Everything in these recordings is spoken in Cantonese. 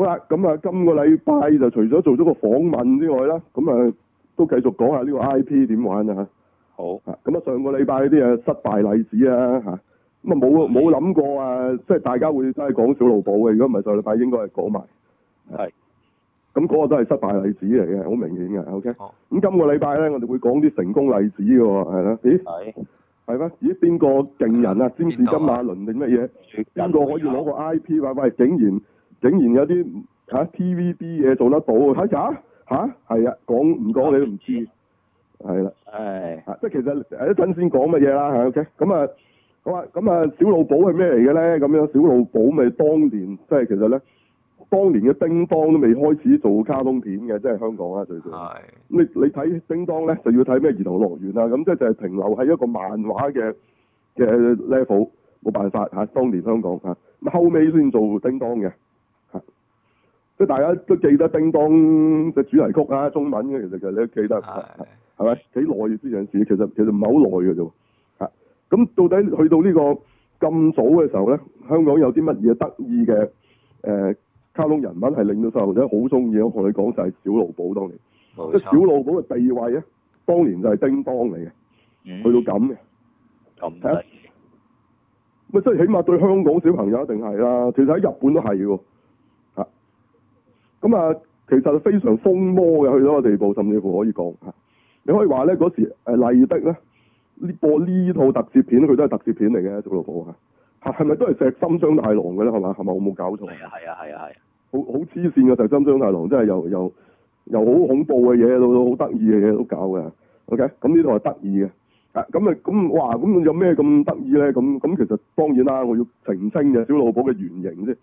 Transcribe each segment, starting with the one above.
好啦，咁啊，今個禮拜就除咗做咗個訪問之外啦，咁啊都繼續講下呢個 I P 點玩啊吓。好。咁啊，上個禮拜啲嘢，失敗例子啊吓，咁啊冇冇諗過啊，即係大家會真係講小露寶嘅，如果唔係上個禮拜應該係講埋。係。咁、那、嗰個都係失敗例子嚟嘅，好明顯嘅。O、okay? K、哦。咁今個禮拜咧，我哋會講啲成功例子噶喎，係啦。咦？係。係咩？咦？邊個勁人啊？啊先至金馬倫定乜嘢？邊個，啊、個可以攞個 I P？喂、啊啊、喂，竟然！竟然有啲嚇 TVB 嘢，做得到，睇下嚇，係啊，講唔講你都唔知，係啦，係即係其實一陣先講乜嘢啦嚇。OK，咁啊咁啊小露寶係咩嚟嘅咧？咁樣小露寶咪當年即係其實咧，當年嘅叮當都未開始做卡通片嘅，即係香港啊最少。咁你你睇叮當咧，就要睇咩兒童樂園啊，咁即係就係停留喺一個漫畫嘅嘅 level，冇辦法嚇、啊。當年香港嚇咁、啊、後尾先做叮當嘅。即大家都記得《叮當》嘅主題曲啊，中文嘅其實其實你都記得，係咪？幾耐呢件事？其實其實唔係好耐嘅啫。咁到底去到呢個咁早嘅時候咧，香港有啲乜嘢得意嘅誒卡通人物係令到細路仔好中意？我同你講就係小露寶當年，即係小露寶嘅地位啊，當年就係《叮當》嚟嘅，去到咁嘅，咁得意。即係起碼對香港小朋友一定係啦，其實喺日本都係喎。咁啊，其實非常瘋魔嘅，去到個地步，甚至乎可以講吓。你可以話咧嗰時誒麗的咧播呢套特攝片，佢都係特攝片嚟嘅，小露寶啊，係咪都係石森章太郎嘅咧？係嘛？係咪？我冇搞錯。係啊係啊係啊，好好黐線嘅石森章太郎，真係又又又好恐怖嘅嘢，到到好得意嘅嘢都搞嘅。OK，咁、啊、呢套係得意嘅啊咁啊咁哇咁有咩咁得意咧？咁咁其實當然啦，我要澄清嘅小露寶嘅原型啫。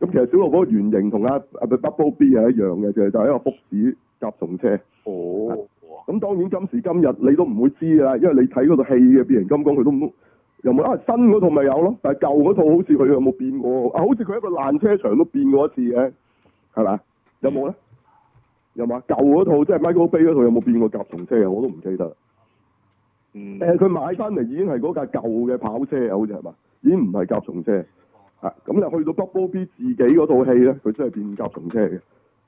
咁其實小露寶嗰個原型同阿 Bumblebee 係一樣嘅，就係就係一個福士甲蟲車。哦、oh.，咁當然今時今日你都唔會知啦，因為你睇嗰套戲嘅變形金剛佢都唔都有冇啊新嗰套咪有咯，但係舊嗰套好似佢有冇變過啊？好似佢一個爛車場都變過一次嘅，係咪有冇咧？有冇啊？舊嗰套即係 Michael Bay 嗰套有冇變過甲蟲車啊？我都唔記得。嗯、mm. 呃。誒，佢買翻嚟已經係嗰架舊嘅跑車啊，好似係嘛？已經唔係甲蟲車。啊，咁又去到 Bumblebee 自己嗰套戲咧，佢真係變甲蟲車嘅。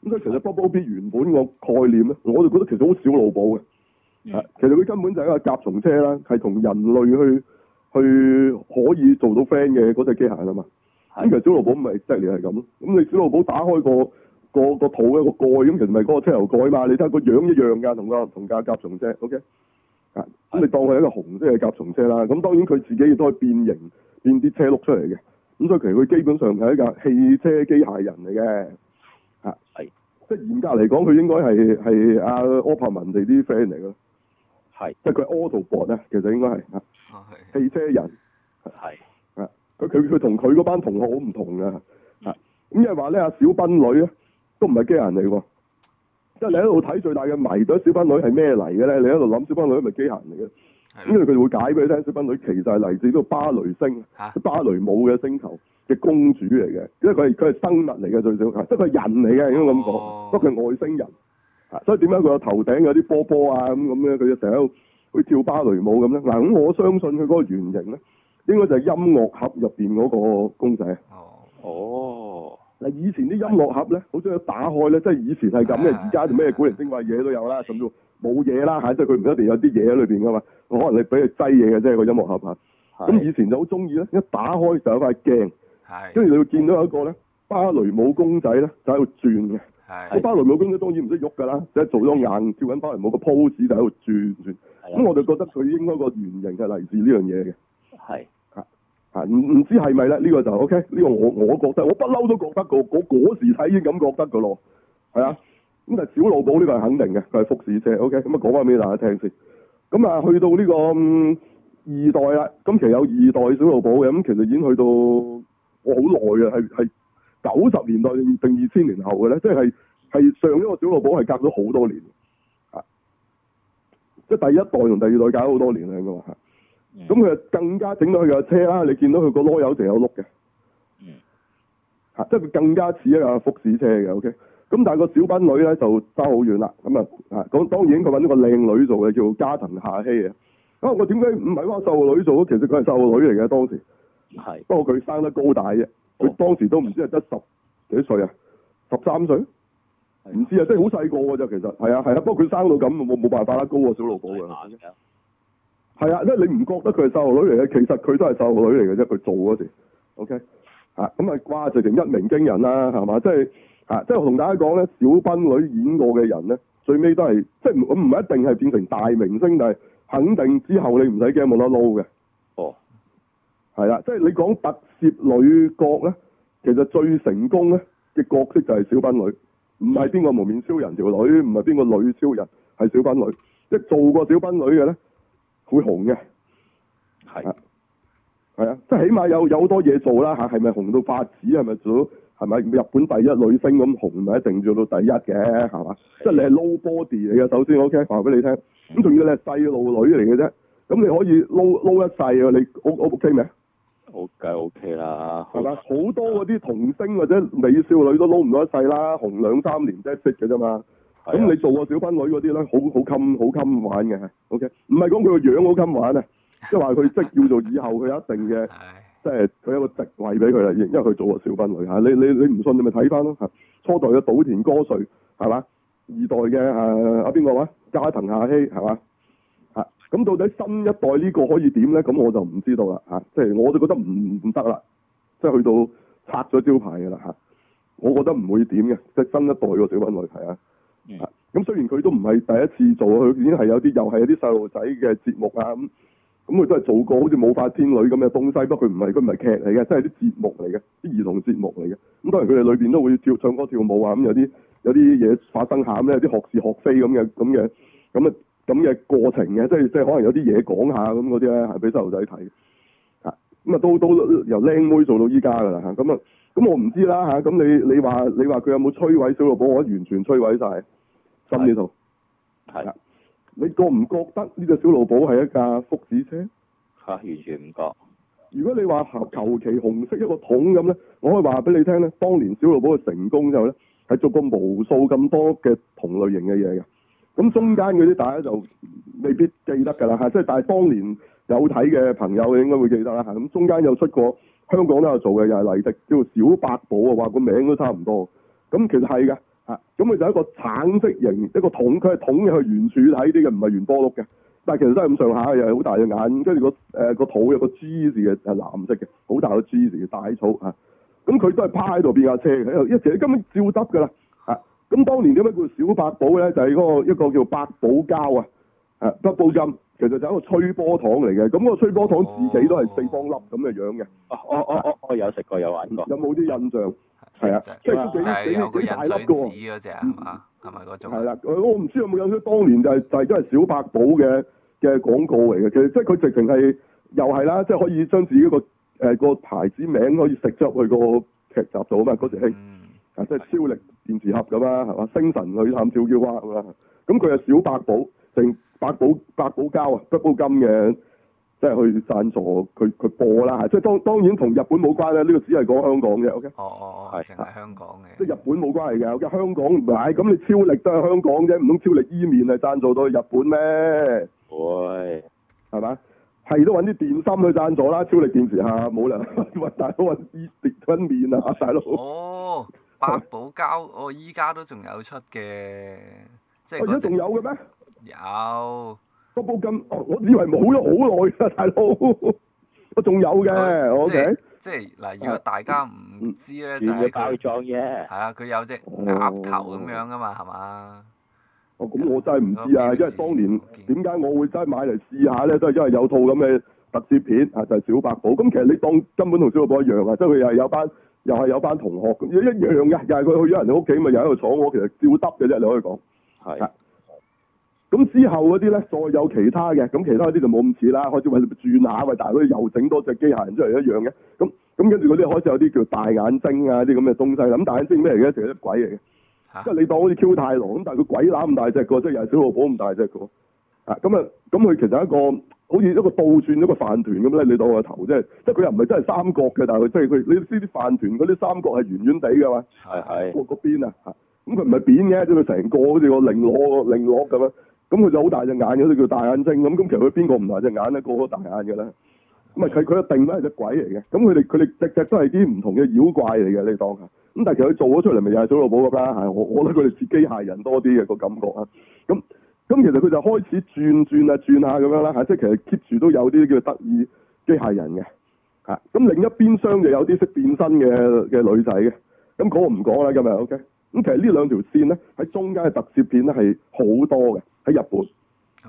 咁所以其實 Bumblebee 原本個概念咧，我就覺得其實好小露寶嘅、嗯。其實佢根本就係一個甲蟲車啦，係同人類去去可以做到 friend 嘅嗰隻機械啊嘛。咁、嗯、其實小露寶唔係 exactly 係咁。咁你小露寶打開個個個肚嘅個蓋咁，其實咪嗰個車頭蓋嘛。你睇下個樣一樣㗎，同、嗰個同架甲蟲車。O、okay? K、嗯。啊，咁你當佢係一個紅色嘅甲蟲車啦。咁當然佢自己亦都可以變形，變啲車轆出嚟嘅。咁所以其實佢基本上係一架汽車機械人嚟嘅，嚇係，即係嚴格嚟講，佢應該係係、啊、阿柯柏文哋啲 friend 嚟咯，係，即係佢 AutoBot 啊，其實應該係嚇，係，汽車人，係，啊，佢佢佢同佢嗰班同學好唔同㗎啊，嚇，咁即係話咧，阿小斌女咧都唔係機械人嚟喎，即係你喺度睇最大嘅謎，到底小斌女係咩嚟嘅咧？你喺度諗小斌女係咪機械人嚟嘅？因為佢哋會解俾你聽，小露寶其實係嚟自一個芭蕾星、芭、啊、蕾舞嘅星球嘅公主嚟嘅，因為佢係佢係生物嚟嘅最少，即係佢係人嚟嘅應該咁講，不過佢係外星人，所以點解佢有頭頂有啲波波啊咁咁咧？佢成日喺度好似跳芭蕾舞咁咧。嗱，咁我相信佢嗰個原型咧，應該就係音樂盒入邊嗰個公仔。哦。哦。嗱，以前啲音樂盒咧，好中意打開咧，即係以前係咁嘅。而家就咩古靈精怪嘢都有啦，甚至冇嘢啦嚇，即係佢唔一定有啲嘢喺裏邊噶嘛。可能你俾佢擠嘢嘅，即係個音樂盒嚇。咁以前就好中意咧，一打開就有一塊鏡，跟住你會見到有一個咧芭蕾舞公仔咧，就喺度轉嘅。啲芭蕾舞公仔當然唔識喐㗎啦，即係做咗硬照緊芭蕾舞嘅 pose，就喺、是、度轉。咁我就覺得佢應該有個原型係嚟自呢樣嘢嘅。係。啊，唔唔知係咪咧？呢個就 OK，呢個我我覺得，我不嬲都覺得個，我嗰時睇已經咁覺得噶咯，係啊。咁但係小露寶呢個係肯定嘅，佢係福士車 OK。咁啊講翻俾大家聽先。咁、嗯、啊去到呢、這個、嗯、二代啦，咁其實有二代小露寶嘅，咁其實已經去到我好耐嘅，係係九十年代定二千年後嘅咧，即係係上一個小露寶係隔咗好多年，啊，即係第一代同第二代隔咗好多年啊咁咁佢就更加整到佢架車啦，你見到佢個籮柚就有碌嘅，嗯，嚇，即係佢更加似一架福士車嘅，OK。咁但係個小品女咧就差好遠啦，咁、嗯、啊，嚇，咁當然佢揾咗個靚女做嘅，叫做加藤夏希嘅。啊，我點解唔係話瘦女做？其實佢係瘦女嚟嘅當時，係。不過佢生得高大嘅，佢當時都唔知係得十幾歲啊，十、哦、三歲，唔知啊，即係好細個啫，其實，係啊，係啊。不過佢生到咁冇冇辦法啦，高啊，小露寶嘅。係啊，因為你唔覺得佢係細路女嚟嘅，其實佢都係細路女嚟嘅啫。佢做嗰時，OK，吓咁啊，哇，直情一鳴驚人啦，係嘛？即係吓，即係我同大家講咧，小斌女演過嘅人咧，最尾都係即係唔係一定係變成大明星，但係肯定之後你唔使驚冇得撈嘅。哦，係啦，即係你講特攝女角咧，其實最成功咧嘅角色就係小斌女，唔係邊個蒙面超人條女，唔係邊個女超人，係小斌女，即係做過小斌女嘅咧。會紅嘅，係，係啊，即係起碼有有好多嘢做啦吓，係咪紅到發紫係咪做到，係咪日本第一女星咁紅，咪一定做到第一嘅，係嘛？即係你係撈 body 嚟嘅，首先 OK，話俾你聽，咁仲要你係細路女嚟嘅啫，咁你可以撈 lo, 撈一世啊！你 O O K 咪？O K O K 啦。係嘛，好多嗰啲童星或者美少女都撈唔到一世啦，紅兩三年即係識嘅啫嘛。咁、啊、你做個小分女嗰啲咧，好好襟好襟玩嘅。O K，唔係講佢個樣好襟玩啊， 就是說他即係話佢即係叫做以後佢一定嘅，即係佢有一個席位俾佢啦。因因為佢做個小分女嚇、啊，你你你唔信你咪睇翻咯。初代嘅島田歌穗係嘛，二代嘅阿邊個話加藤夏希係嘛嚇？咁、啊、到底新一代呢個可以點咧？咁我就唔知道啦嚇。即、啊、係、就是、我就覺得唔唔得啦，即、就、係、是、去到拆咗招牌嘅啦嚇。我覺得唔會點嘅，即、就、係、是、新一代個小分女係啊。咁、嗯、雖然佢都唔係第一次做，佢已經係有啲又係有啲細路仔嘅節目啊！咁咁佢都係做過好似《舞法天女》咁嘅東西，不過佢唔係佢唔係劇嚟嘅，即係啲節目嚟嘅，啲兒童節目嚟嘅。咁、嗯、當然佢哋裏邊都會跳唱歌跳舞啊！咁、嗯、有啲有啲嘢發生下咁有啲學是學非咁嘅咁嘅咁啊咁嘅過程嘅，即係即係可能有啲嘢講下咁嗰啲咧，係俾細路仔睇嘅。啊！咁、嗯、啊都都由靚妹做到依家噶啦嚇，咁啊咁我唔知啦嚇。咁、嗯、你你話你話佢有冇摧毀小露寶？我完全摧毀晒。心呢度，係啦，你覺唔覺得呢個小露寶係一架福祉車？吓，完全唔覺。如果你話求其紅色一個桶咁呢，我可以話俾你聽呢，當年小露寶嘅成功之後呢，係做過無數咁多嘅同類型嘅嘢嘅。咁中間嗰啲大家就未必記得噶啦吓，即係但係當年有睇嘅朋友應該會記得啦吓。咁中間有出過香港都有做嘅，又係麗的，叫做小八寶啊，話個名都差唔多。咁其實係噶。咁佢就係一個橙色型，一個桶，佢係桶嘅，係圓柱體啲嘅，唔係圓波碌嘅。但係其實都係咁上下，又係好大對眼、嗯，跟住個誒個肚有個 G 字嘅，藍色嘅，好大個 G 字嘅大字的草啊。咁佢都係趴喺度變架車喺度，一成日根本照執㗎喇。咁當年點解叫小露寶咧？就係、是、個一個叫八寶膠啊，誒，百寶金，其實就係一個吹波糖嚟嘅。咁個吹波糖自己都係四方粒咁嘅樣嘅。我我我我有食過有玩過。有冇啲印象？係啊，即係都幾、啊幾啊、幾、幾大粒噶喎，嗰隻啊，係咪嗰種？啦、啊，我唔知有冇有啲，當年就係、是、就係都係小白寶嘅嘅廣告嚟嘅，其實即係佢直情係又係啦，即、就、係、是、可以將自己個誒、呃、個牌子名可以食咗去個劇集度啊嘛，嗰時興、嗯，啊即係、就是、超力電池盒咁啦，係嘛？星神女探照妖花咁啊，咁佢係小百寶，成百寶百寶膠啊，百寶金嘅。即係去贊助佢佢播啦，即係當當然同日本冇關啦，呢、呢個只係講香港嘅，OK？哦哦哦，係，淨係香港嘅。即係日本冇關係嘅，我香港唔係，咁你超力都係香港啫，唔通超力伊麵係贊助到去日本咩？會係嘛？係都揾啲電芯去贊助啦，超力電池嚇冇啦，揾、啊、 大佬揾伊揾麵啊，嚇大佬！Oh, 哦，八寶膠我依家都仲有出嘅，即係。而家仲有嘅咩？有。個布巾，我以為冇咗好耐啊，大佬，我 仲有嘅，O K，即係嗱，如果大家唔知咧，uh, 就係佢撞嘢，係、嗯、啊，佢有隻鴨頭咁樣噶嘛，係、oh. 嘛？哦，咁、嗯、我真係唔知啊，因為當年點解、okay. 我會真係買嚟試下咧，都係因為有套咁嘅特攝片啊，就係、是、小露寶。咁其實你當根本同小露寶一樣啊，即係佢又係有班又係有班同學，一樣嘅，又係佢去咗人哋屋企，咪又喺度坐我，其實照得嘅啫，你可以講係。咁之後嗰啲咧，再有其他嘅，咁其他嗰啲就冇咁似啦。開始轉下喂，大佬又整多隻機械人出嚟一樣嘅。咁咁跟住嗰啲開始有啲叫大眼睛啊啲咁嘅東西。咁大眼睛咩嚟嘅？成隻鬼嚟嘅、啊。即係你當好似 Q 太郎咁，但係佢鬼乸咁大隻，是是大隻、啊、個，即係又係小露寶咁大隻個。嚇！咁啊，咁佢其實一個好似一個倒轉咗個飯團咁咧，你當個頭啫。即係佢又唔係真係三角嘅，但佢即係佢呢啲飯團嗰啲三角係圓圓地嘅嘛。係係。個個邊啊？嚇、啊！咁佢唔係扁嘅，即係佢成個好似個菱角個菱角咁樣。咁佢就好大隻眼嘅，就叫大眼睛咁。咁其實佢邊個唔大隻眼咧？個個大眼嘅啦。咁咪係佢一定都係隻鬼嚟嘅。咁佢哋佢哋隻隻都係啲唔同嘅妖怪嚟嘅，你當。咁但係其實佢做咗出嚟咪又係小露寶咁啦。嚇，我我覺得佢哋似機械人多啲嘅個感覺啊。咁咁其實佢就開始轉轉啊轉、轉下咁樣啦。嚇，即係其實 keep 住都有啲叫得意機械人嘅嚇。咁另一邊廂就有啲識變身嘅嘅女仔嘅。咁嗰個唔講啦，今日 OK。咁其實呢兩條線咧，喺中間嘅特攝片咧係好多嘅。喺日本，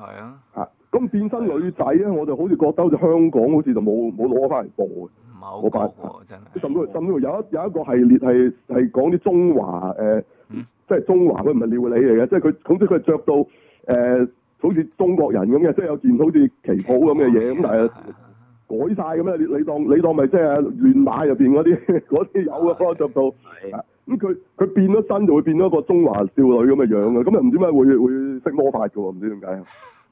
係啊，嚇、啊！咁變身女仔咧、啊，我就好似覺得好似香港好似就冇冇攞翻嚟播嘅，冇拍過真係。甚至都係甚至喎，有一有一個系列係係講啲中華誒、呃嗯，即係中華佢唔係料理嚟嘅，即係佢總之佢着到誒、呃，好似中國人咁嘅，即係有件好似旗袍咁嘅嘢咁，但係、啊、改晒嘅咩？你當你當你當咪即係亂馬入邊嗰啲嗰啲有嗰個著到？咁佢佢變咗身就會變咗一個中華少女咁嘅樣啊！咁又唔知點解會會識魔法嘅喎？唔知點解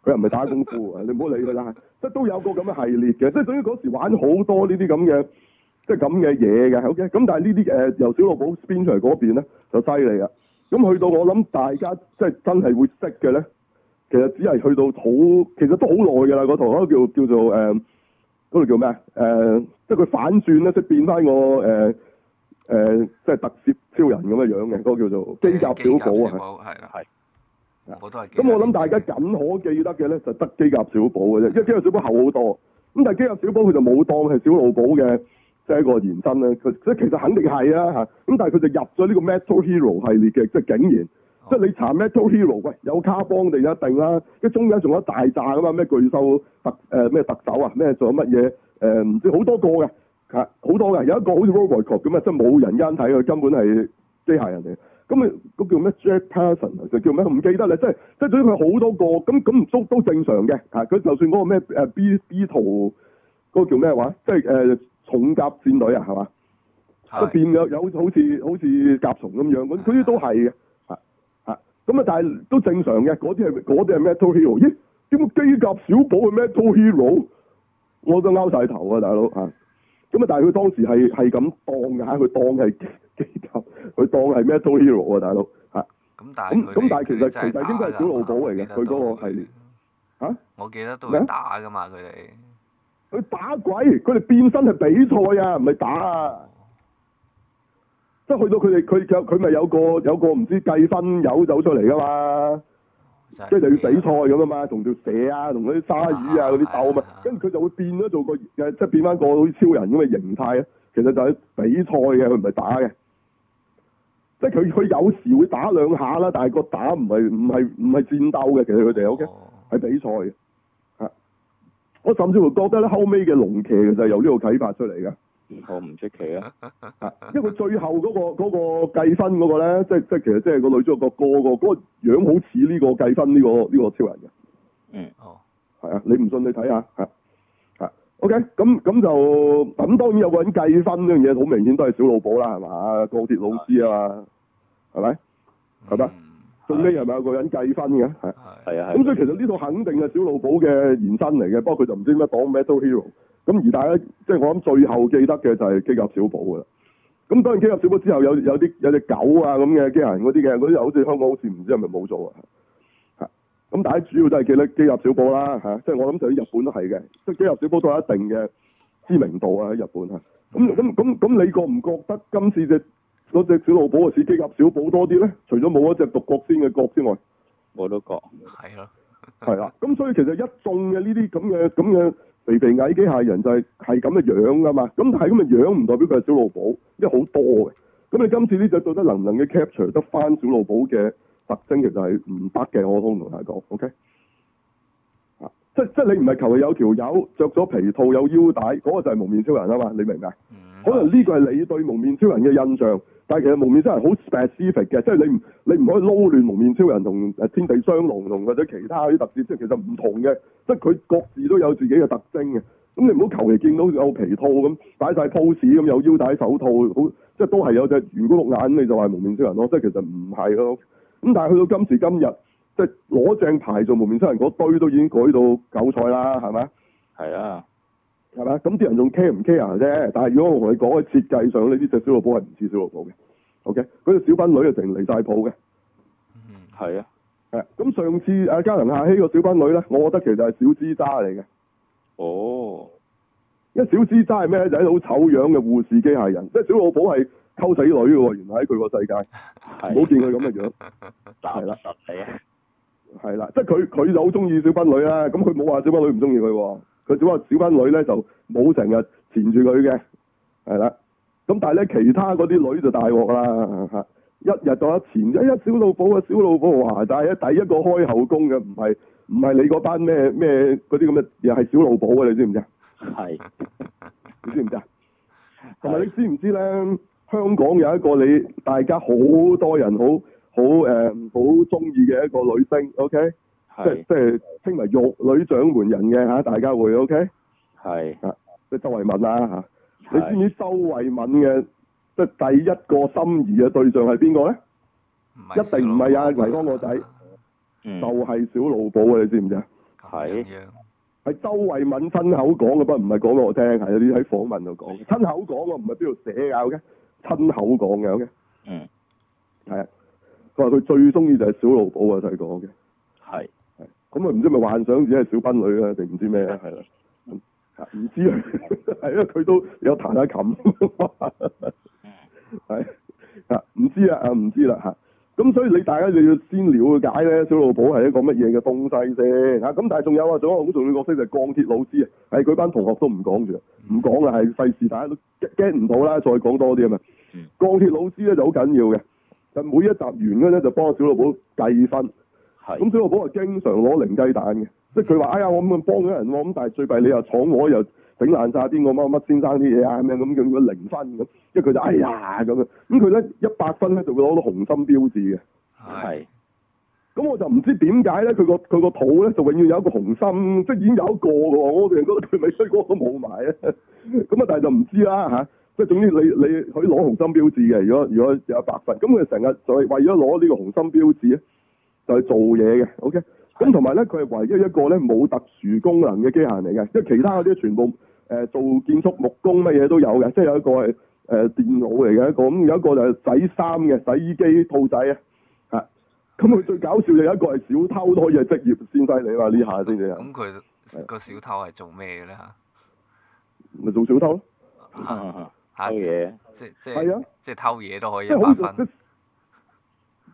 佢又唔係打功夫啊！你唔好理佢啦。即係都有個咁嘅系列嘅，即係對於嗰時候玩好多呢啲咁嘅即係咁嘅嘢嘅。OK，咁但係呢啲誒由小露寶編出嚟嗰邊咧就犀利啊！咁去到我諗大家即係真係會識嘅咧，其實只係去到好，其實都好耐嘅啦。嗰套嗰個叫叫做誒嗰度叫咩啊？誒、呃，即係佢反轉咧，即係變翻我誒。呃誒、呃、即係特攝超人咁嘅樣嘅，嗰、那個叫做機甲小寶啊，係，多我都係。咁我諗大家僅可記得嘅咧，就得機甲小寶嘅啫，因為機甲小寶厚好多。咁但係機甲小寶佢就冇當係小露寶嘅，即係一個延伸咧。佢即係其實肯定係啊嚇。咁但係佢就入咗呢個 Metal Hero 系列嘅，即、就、係、是、竟然，即、哦、係、就是、你查 Metal Hero，喂有卡邦地一定啦、啊。跟中間仲有一大炸噶嘛？咩巨獸特誒咩、呃、特首啊？咩仲有乜嘢誒？唔、呃、知好多個嘅。好多嘅，有一個好似 robot 咁啊、那個啊，那個，啊，即係冇人間睇佢根本係機械人嚟。咁啊，叫咩 Jack Patterson 就叫咩唔記得啦。即係即係總之佢好多個，咁咁唔縮都正常嘅。嚇，佢就算嗰個咩誒 B B 圖嗰個叫咩話，即係誒重甲戰隊啊，係嘛？都變咗有好似好似甲蟲咁樣，咁啲都係嘅。嚇嚇，咁啊，啊，但係都正常嘅。嗰啲係嗰啲係咩？Metal Hero 咦？點解機甲小寶係 Metal Hero？我都拗晒頭啊，大佬啊！咁啊！ 但係佢當時係係咁當嘅嚇，佢當係基金，佢當係咩 Metal Hero 啊，大佬嚇。咁但係咁但係其實的的其實應該係小露寶嚟嘅，佢嗰個係嚇。我記得都係打㗎嘛，佢、啊、哋。佢打鬼，佢哋變身係比賽啊，唔係打。啊。即 係去到佢哋，佢佢咪有個有個唔知計分友走出嚟㗎嘛？即係就要比賽咁啊嘛，同條蛇啊，同嗰啲鯊魚啊嗰啲鬥啊嘛，跟住佢就會變咗做個嘅，即係變翻個好似超人咁嘅形態啊。其實就係比賽嘅，佢唔係打嘅。即係佢佢有時會打兩下啦，但係個打唔係唔係唔係戰鬥嘅，其實佢哋 OK 係比賽嘅。嚇！我甚至乎覺得咧後尾嘅龍騎其實係由呢個啟發出嚟嘅。我唔出奇啊，因為佢最後嗰、那個、那個計分嗰個咧，即即其實即係個女主角個個、那個樣好似呢個計分呢、這個呢、這個超人嘅。嗯，哦，係啊，你唔信你睇下，吓吓、啊啊、，OK，咁咁就咁，當然有個人計分呢樣嘢，好明顯都係小露寶啦，係嘛，鋼鐵老師啊嘛，係、嗯、咪？係咪？最屘係咪有個人計分嘅？係係啊，咁、啊啊、所以其實呢套肯定係小露寶嘅延伸嚟嘅、啊啊啊啊啊，不過佢就唔知點解當 Metal Hero。咁而大家即係、就是、我諗最後記得嘅就係機甲小寶噶啦。咁當然機甲小寶之後有有啲有隻狗啊咁嘅機械人嗰啲嘅，嗰啲好似香港好似唔知係咪冇做啊。嚇！咁大家主要都係記得機甲小寶啦嚇，即係我諗就喺日本都係嘅，即係機甲小寶都有一定嘅知名度啊喺日本嚇。咁咁咁咁，你覺唔覺得今次隻嗰隻小露寶係似機甲小寶多啲咧？除咗冇一隻獨角仙嘅角之外，我都覺係咯，係啦。咁所以其實一眾嘅呢啲咁嘅咁嘅。肥肥矮機械人就係係咁嘅樣噶嘛，咁但係咁嘅樣唔代表佢係小露寶，因為好多嘅。咁你今次呢隻到底能唔能夠 capture 得翻小露寶嘅特徵，其實係唔得嘅。我同大家講，OK，啊，即即係你唔係求其有條友着咗皮套有腰帶，嗰、嗰個就係幪面超人啊嘛，你明唔明、嗯？可能呢個係你對幪面超人嘅印象。但係其實蒙面超人好 specific 嘅，即係你唔你唔可以撈亂蒙面超人同誒天地雙龍同或者其他啲特質，即係其實唔同嘅，即係佢各自都有自己嘅特徵嘅。咁你唔好求其見到有皮套咁，擺晒 pose 咁，有腰帶手套，好即係都係有隻圓古碌眼，你就話蒙面超人咯。即係其實唔係咯。咁但係去到今時今日，即係攞正牌做蒙面超人嗰堆都已經改到九彩啦，係咪？係啊。係嘛？咁啲人仲 care 唔 care 啫？但係如果我同你講喺設計上，呢啲隻小露寶係唔似小露寶嘅。OK，嗰隻小賓女啊，成離晒譜嘅。嗯，係啊，係咁、啊、上次阿嘉林夏希個小賓女咧，我覺得其實係小蜘渣嚟嘅。哦，因為小蜘渣係咩仔？好、就、醜、是、樣嘅護士機械人。即係小露寶係溝仔女嘅喎、啊，原來喺佢個世界，冇見佢咁嘅樣。係啦，係啊，係啦、啊啊啊。即係佢佢就好中意小賓女啦。咁佢冇話小賓女唔中意佢。佢只話小班女咧就冇成日纏住佢嘅，係啦。咁但係咧其他嗰啲女就大鑊啦，吓！一日到一纏一一小露寶啊，小露寶話，第一第一個開後宮嘅，唔係唔係你嗰班咩咩嗰啲咁嘅，又係小露寶嘅，你知唔知啊？係，你知唔知啊？同埋你知唔知咧？香港有一個你大家好多人好好誒好中意嘅一個女星，OK？是即即係稱為玉女掌門人嘅吓，大家會 O K？係啊，即、okay？周慧敏啊吓，你知唔知周慧敏嘅即第一個心儀嘅對象係邊個咧？一定唔係倪匡個仔，嗯、就係、是、小露寶你知唔知啊？係，係周慧敏親口講嘅，不過，唔係講俾我聽，係啊，啲喺訪問度講嘅，親口講嘅，唔係邊度寫搞嘅，親口講嘅，嗯，係啊，佢話佢最中意就係小露寶啊，佢講嘅。係。咁啊，唔知係咪幻想自己係小賓女咧？定唔知咩咧？係啦，唔知啊，係啊，佢都有彈下琴，係 啊，唔知啦啊，唔知啦吓。咁所以你大家就要先了解咧，小露寶係一個乜嘢嘅東西先吓。咁但係仲有啊，仲有好重要角色就係鋼鐵老師啊。係佢班同學都唔講住，唔講啦，係費事，大家都驚唔到啦。再講多啲啊嘛。鋼鐵老師咧就好緊要嘅，就每一集完嗰陣就幫小露寶計分。係咁，小露寶啊，經常攞零雞蛋嘅，即係佢話哎呀，我咁樣幫咗人喎，咁但係最弊你又闖我又頂爛晒啲我乜乜先生啲嘢啊，咁樣咁叫佢零分咁，即係佢就哎呀咁樣，咁佢咧一百分咧就會攞到紅心標誌嘅。係，咁、嗯、我就唔知點解咧，佢個佢個肚咧就永遠有一個紅心，即係已經有一個嘅，我哋覺得佢未衰哥都冇埋啊，咁啊，但係就唔知啦吓。即係總之你，你你可以攞紅心標誌嘅，如果如果有一百分，咁佢成日就為咗攞呢個紅心標誌咧。就去做嘢嘅，OK。咁同埋咧，佢係唯一一個咧冇特殊功能嘅機械嚟嘅，即係其他嗰啲全部誒、呃、做建築木工乜嘢都有嘅，即係有一個係誒、呃、電腦嚟嘅一個，咁、嗯、有一個就係洗衫嘅洗衣機兔仔啊，嚇！咁佢最搞笑就有一個係小偷都可以係職業先犀利嘛呢下先至。咁、嗯、佢、個小偷係做咩嘅咧嚇？咪做小偷咯，嚇、啊、嘢、啊，即即即係偷嘢都可以一百分。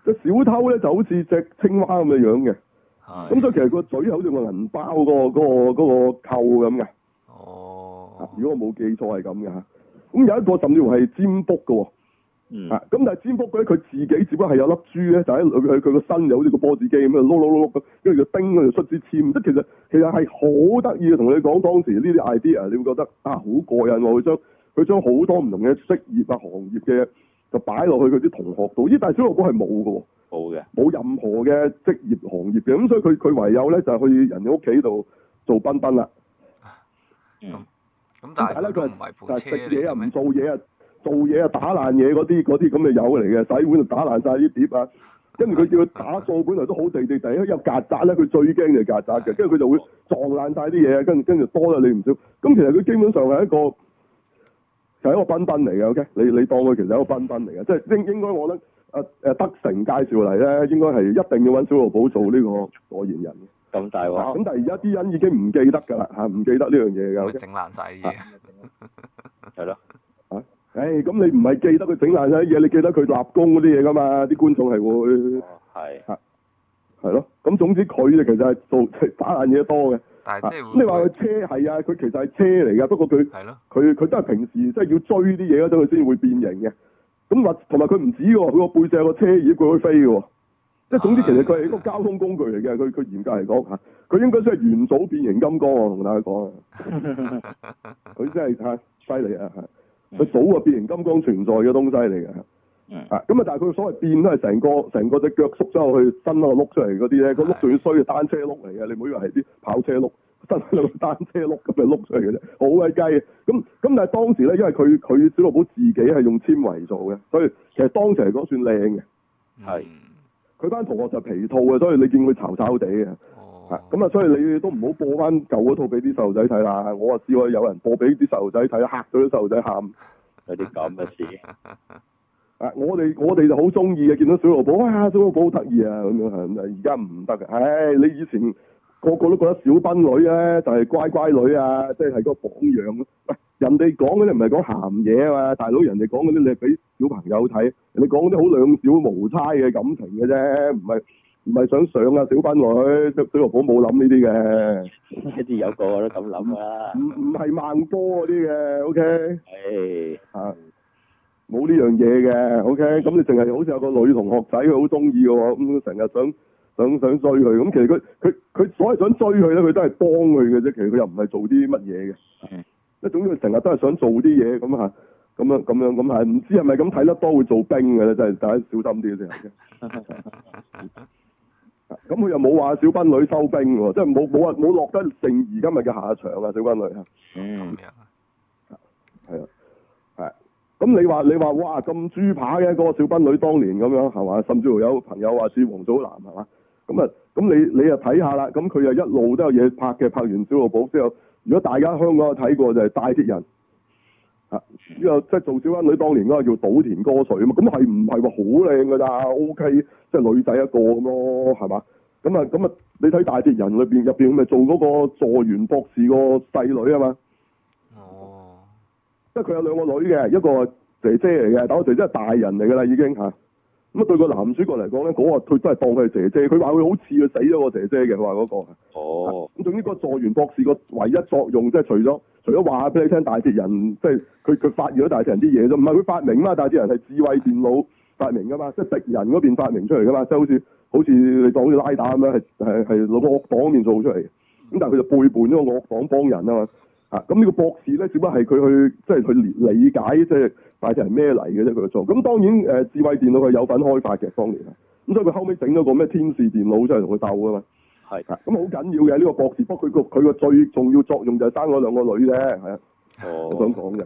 隻小偷咧就好似隻青蛙咁嘅樣嘅，咁所以其實個嘴好似個銀包、嗰個、嗰個、嗰個扣咁嘅。哦，如果我冇記錯係咁嘅嚇。咁有一個甚至乎係占卜嘅喎，嚇、嗯、咁但係占卜嗰啲佢自己只不過係有粒珠咧，就喺佢佢個身又好似個波子機咁碌碌碌碌咁，跟住就叮佢就出支籤，即係其實其實係好得意嘅。同你講當時呢啲 idea，你會覺得啊好過癮喎！佢將佢將好多唔同嘅職業啊行業嘅。就擺落去佢啲同學度，咦，但係小學哥係冇嘅，冇嘅，冇任何嘅職業行業嘅，咁所以佢佢唯有咧就去人哋屋企度做賓賓啦。咁、嗯、咁、嗯、但係唔係負責食嘢啊，唔、就是、做嘢啊，做嘢啊，打爛嘢嗰啲嗰啲咁就有嚟嘅，洗碗就打爛晒啲碟啊。跟住佢叫佢打掃， 本來都好地地地，一有曱甴咧，佢最驚就係曱甴嘅，跟住佢就會撞爛晒啲嘢啊，跟住跟住多得你唔少。咁其實佢基本上係一個。係一個斌斌嚟嘅，OK？你你當佢其實係一個斌斌嚟嘅，即係應應該我覺得誒誒、啊，德成介紹嚟咧，應該係一定要揾小露寶做呢個代言人咁大咁、啊、但係而家啲人已經唔記得噶啦，吓唔記得呢樣嘢嘅。整爛晒嘢。係咯。啊！咁你唔係記得佢整爛晒啲嘢，你記得佢立功嗰啲嘢噶嘛？啲觀眾係會。係、啊。係。係、啊、咯，咁、啊、總之佢啊，其實係做打爛嘢多嘅。即是啊！咁你話佢車係啊，佢其實係車嚟噶，不過佢佢佢都係平時即係、就是、要追啲嘢嗰陣，佢先會變形嘅。咁話同埋佢唔止喎，佢個背脊有個車耳，佢會飛嘅。即、啊、係總之，其實佢係一個交通工具嚟嘅。佢佢嚴格嚟講吓，佢、啊、應該先係元祖變形金剛我 啊！同大家講啊，佢真係太犀利啊！佢早啊變形金剛存在嘅東西嚟嘅。嗯、yeah. 咁啊，但係佢所謂變都係成個成個隻腳縮咗落去，伸一個碌出嚟嗰啲咧，嗰個碌最衰嘅單車碌嚟嘅，你唔好以為係啲跑車碌，真 係單車碌咁嘅碌出嚟嘅啫，好鬼雞嘅。咁、嗯、咁、嗯、但係當時咧，因為佢佢小露寶自己係用纖維做嘅，所以其實當時嚟講算靚嘅。係。佢班同學就皮套嘅，所以你見佢吵吵地嘅。哦。嚇！咁啊，所以你都唔好播翻舊嗰套俾啲細路仔睇啦。我話試過有人播俾啲細路仔睇，嚇到啲細路仔喊。 有啲咁嘅事。 啊！我哋我哋就好中意啊！見到小露寶，小露寶好得意啊！咁樣啊，而家唔得嘅。唉、哎，你以前個個都覺得小斌女啊，就係、是、乖乖女啊，即係係個榜樣、啊、人哋講嗰啲唔係講鹹嘢啊嘛，大佬人哋講嗰啲你俾小朋友睇，人哋講嗰啲好兩小無猜嘅感情嘅啫，唔係唔係想上啊小斌女，小露寶冇諗呢啲嘅。一啲 有個，個都咁諗啊！唔唔係孟哥嗰啲嘅，O K。係、嗯。冇呢樣嘢嘅，OK，咁你淨係好似有個女同學仔，佢好中意嘅喎，咁成日想想想追佢，咁其實佢佢佢所謂想追佢咧，佢都係幫佢嘅啫。其實佢又唔係做啲乜嘢嘅，即係、okay。總之，佢成日都係想做啲嘢咁嚇，咁樣咁樣咁係，唔知係咪咁睇得多會做兵嘅咧？真係大家小心啲先。咁佢又冇話小兵女收兵喎，即係冇冇話冇落得成而今日嘅下場啊，小兵女啊。嗯。係啊。咁你話你話哇咁豬扒嘅嗰個小斌女當年咁樣係嘛？甚至乎有朋友話似王祖藍係嘛？咁啊咁你你啊睇下啦，咁佢又一路都有嘢拍嘅，拍完小露寶之後，如果大家香港有睇過就係大鐵人啊，之後即係做小斌女當年嗰個叫島田歌穗啊嘛，咁係唔係話好靚㗎咋？OK，即係女仔一個咁咯，係嘛？咁啊咁啊，你睇大鐵人裏面，入面咁咪做嗰個助員博士個細女啊嘛？即係佢有兩個女嘅，一個姐姐嚟嘅，但我姐姐係大人嚟噶啦已經吓。咁啊，對個男主角嚟講咧，嗰、那個佢真係當佢係姐姐，佢話佢好似佢死咗個姐姐嘅，話、那、嗰個。哦。咁、啊、總之，個助員博士個唯一作用，即係除咗除咗話俾你聽，大鐵人，即係佢佢發現咗大鐵人啲嘢啫，唔係佢發明嘛，大鐵人係智慧電腦發明噶嘛，即係敵人嗰邊發明出嚟噶嘛，即、就、係、是、好似好似你當好似拉打咁樣，係係係攞惡黨面做出嚟。咁但係佢就背叛咗個惡黨幫人啊嘛。啊！咁呢個博士咧，只不過係佢去即係去理解，即係大致係咩嚟嘅啫。佢做咁當然誒、呃，智慧電腦佢有份開發嘅，方面。啊。咁所以佢後尾整咗個咩天使電腦出嚟同佢鬥噶嘛。係咁好緊要嘅呢個博士，不過佢個佢個最重要作用就係生咗兩個女嘅，係啊。哦。我想講嘅。